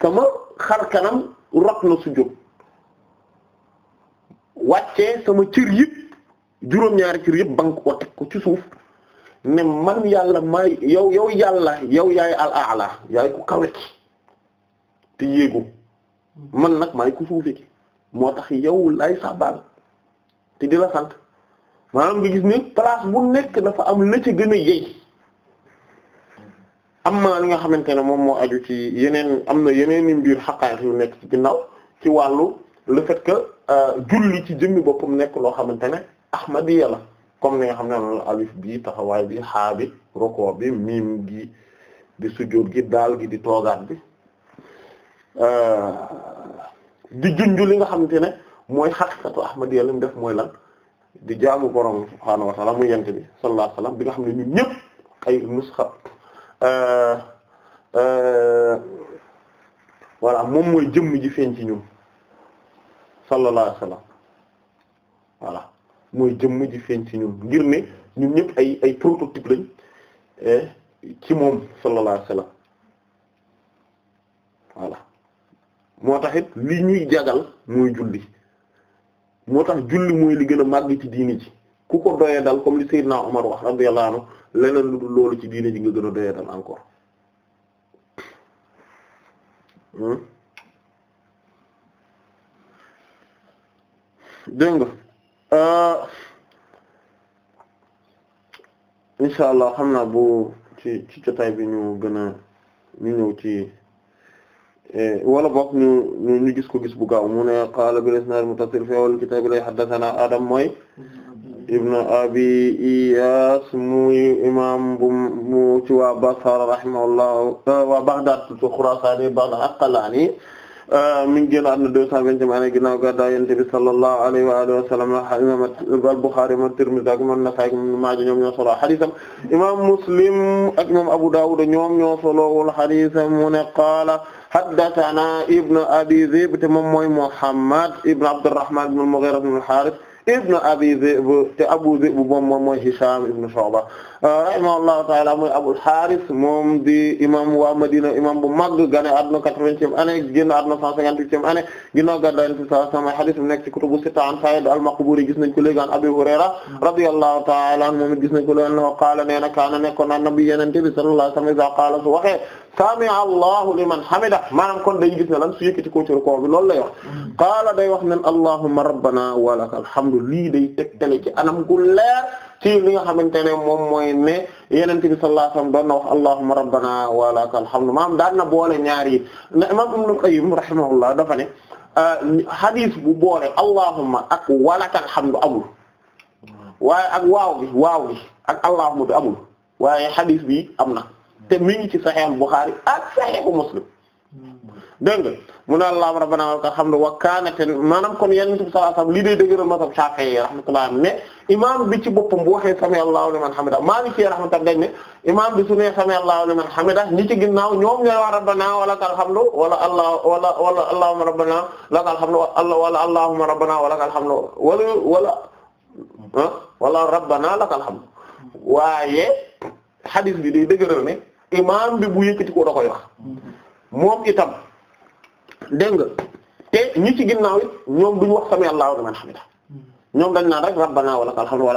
sama xar kanam rot na sujjóot wàccee sama cër yëpp juróom-ñaari cër yëpp bank ko teg ko ci suuf ne man yàlla maay yow yow yàlla yow yaay al aala yaay ku kawe te yéegu man nag maay ku suufe ki moo tax yow lay sabbal te di la sant maanaam nga gis ne place bu nekk dafa am la ci gën a yey am na li nga xamante ne moom moo aju ci yeneen am na yeneen i mbir xaqaar yu nekk ci ginnaaw ci wàllu le fait Euh, julli ci jëmmi boppam nekk loo xam ne ahmadiyya la comme ni nga xam ne noonu alif bi taxawaay bi xaa bi roko bi miim gi di sujjóot gi daal gi di toogaat bi euh, di junj li nga xamante ne mooy xaqiqatu ahmadiyya li mu def mooy lan di jaamu borom subhaanahu wa ta'ala yent bi sallallahu alayhi nga xam ne ñun ñëpp ay nusxa euh, voilà moom mooy jëmm ji feeñ ci ñun sallallahu alayhi wa sallam voilà mooy jëmm ji feeñ ci ñun ngir ne ñun ñëpp ay ay prototype lañ eh, ci moom sallallahu alayhi wa sallam voilà moo tax it li ñuy jagal mooy julli moo tax julli mooy li gën a màgg ci diini ji ku ko doyee dal comme li Seydina Omar wax radiyallahu anhu leneen lu dul loolu ci diini ji nga gën a doyee dal encore hmm? dégg nga euh, incha allah xam naa bu ci ci jotaay bi ñu gën a ñu ñëw ci eh, wala bokk ñu ñu gis ko gis bu gaaw mu ne qaala bil isnaad muttasil fi awwal kitaab lay haddasanaa Adam mooy ibn Abi Iyaas muy imaam bu mu ci waa Basra rahimahullah waa Baghdad Khuraasaani Baghdad Asqalaani Euh, mi ngi génn àdduna deux cent vingtième année ginnaaw gàddaay Yonent bi sallallahu alayhi wa alihi wa sallam imam al-Bukhari imam Tirmidhi ak imam Nasa'i ak Ibn Maaja ñoom ñoo solo xadisam imam Muslim ak imam Abu Dawud ñoom ñoo solowul xadisam mu ne qaala haddathana ibnu Abi Dhib te moom mooy Muhammad ibnu Abdurrahman ibnu al-Mughira ibnu al-Harith ibnu Abi Dhib te Abu Dhib moom mooy Hisham ibnu Shu'ba rahimahullahu ta'ala mooy Abul Haaris moom di imam waa Madina imam bu mag gane àdduna 80e année génn àdduna 158e année mu nekk ci kutubu sitta an Sa'id al-Maqburi gis nañ ko léegi an Abi Hurayra moom gis nañ ko léegi qaala nee kaana nekkoon na Nabi Yonent bi sallallahu alayhi wasallam iza qaala su waxee sami'a Allahu liman hamida maanaam kon dañu gis ne lan su yëkkati ko ci ko bi loolu lay wax qaala day wax nen allahumma rabbana wa lakal hamdu lii day tegtale ci anam gu ci li nga xamante ne moom mooy ne yeneen bi sallallahu alayhi wasallam na wax allahumma rabbana wa lakal hamdu maam daan na boole ñaar yi imam ibn qayyim rahimahullah dafa ne ah, hadis bu boole allahumma ak wa lakal hamdu amul waaye ak waaw bi waaw bi ak allahumma bi amul waaye hadis bi am na te mi ngi ci sahih bukhari ak sahih muslim dégg mu ne allahumma rabbana wa lakal hamdu wa kaana te maanaam kon yonent bi sallallahu alayhi wasallam bi ci boppam bu waxee sami allahu liman hamida Maliki rahmatullah dañ ne imaam bi ne sami allahu liman hamida ñi ci ginnaaw ñoom ñooy wax rabbana wa lakal wala allah wala wala allahumma rabbana lakal hamdu wala allahumma rabbana wa lakal hamdu wala wala ah wala rabbana lakal waaye hadith bi day dëgëral ne imaam bi bu yëkkati ko da moom itam. dégg nga te ñi ci ginnaaw it ñoom duñu wax sami allahu liman hamida ñoom dañ naan rek rabbana wala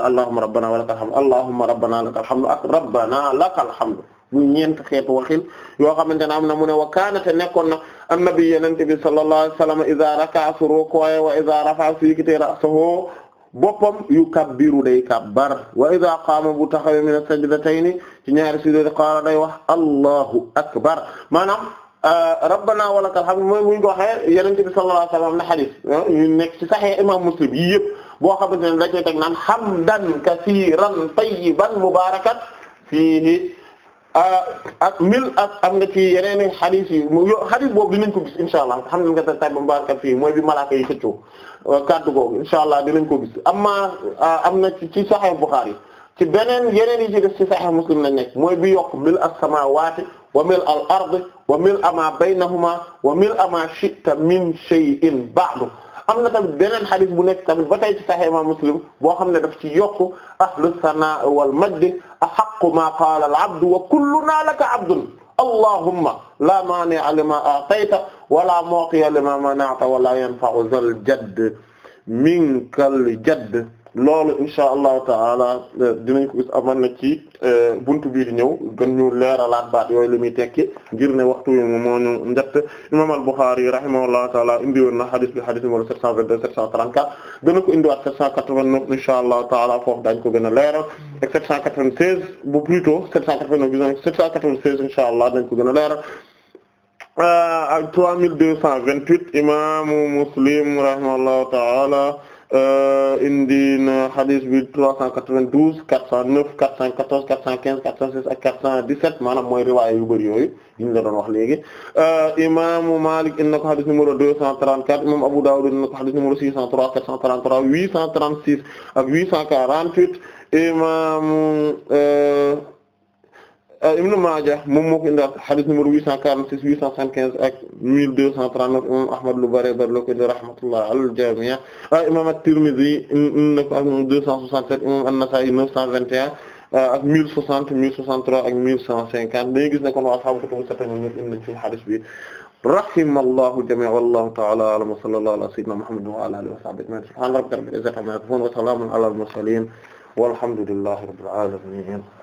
allahumma rabbana wa lakal hamdu allahumma rabbana lakal hamdu ak rabbana lakal hamdu ñu ñeent xeetu waxin yoo xamante ne am na mu ne wa kaanate nekkoon na annabi yenente bi sallallahu alayhi wasallam iza raka'a su rukkooye wa iza rafa'a su yikitee ra'sahu boppam yukabbiru day kabbar wa iza qaama bu taxawe min as-sajdatayni ci ñaari sujud qaala day wax allahu akbar maanaam Euh, rabbana wa lakal hamd mooy muñ ko waxee yonent bi sallallahu alayhi wa sallam na xadis ah, ñu nekk ci Sahih imam Muslim yii yëpp boo xamante ne da cee teg naan hamdan kasiiran tayyiban mubaarakan fiihi euh, ak mil ak am nga ci yeneen i xadis yi yo xadis boobu dinañ ko gis insha allah hamdan kasiiran mubaarakan fiihi mooy bi malaaka yi xëccoo euh, kàddu googu insha allah dinañ ko gis amma am na ci ci Sahih Bukhari ci beneen yeneen yi ci def ci Sahih Muslim la nekk mooy bi yokk mil as-samaawaati wa mil al ard wa mil ama baynahuma wa mil ama shi'ta min shay'in ba'du am na tamit beneen xadis bu nekk tamit ba tey ci Sahih Imam Muslim boo xam ne daf ci yokk ahlu sanaa wal majd ahaqqu ma qaala al abdu wa kulluna laka abdun allahumma la maani'a lima a'tayta wala mu'tiya lima mana'ta wala yanfa'u zal jadd minkal jadd loolu insha allahu taala euh, dinañ ko gis aman na ci euh, buntu bii di ñëw gën ñu leeralaat baat yooyu li muy tekki ngir ne waxtu wi moom moo ñu njëkk imam al-Bukhari rahimahullahu taala indi woon na hadith bi hadith numéro 722 734 dana ko indiwaat 789 insha allahu taala foofu daañu ko gën a leeral ak 796 bu plutôt 789 bi 796 insha allah dañ ko gën a leeral euh, ak 3228 imaamu Muslim rahimahullahu taala Euh, indi na hadith bi 392 409 414 415 416 ak 417 maanaam mooy riwaaya yu bëri yooyu yi ñu la doon wax léegi euh, imaamu Malik indi na ko hadith numéro 234 imam Abu Dawud indi na ko hadith numéro 603 433 836 ak 848 imaamu euh, Euh, Ibn Maaja moom moo ko indi xadis numéro 846 875 ak 1239 imam Ahmad lu bare bare la ko di rahmatullah alal jamii euh, imam At-Tirmidhi na ko ak 267 imam An-Nasa'i 921 euh, ak 1060 1063 ak 1150 dañuy gis ne kon waa ashaabu kutubu sitta ñoom ñëpp indi nañu ci xadis bi rahimallahu jamii wallahu ta'ala a'lam wa sallallahu ala sayyidina Muhammadin wa ala alihi wa sahbihi ajma'in subhana rabbika rabbil izzati amma yasifun wa salamun ala al-mursalin walhamdulillahi rabbil alamin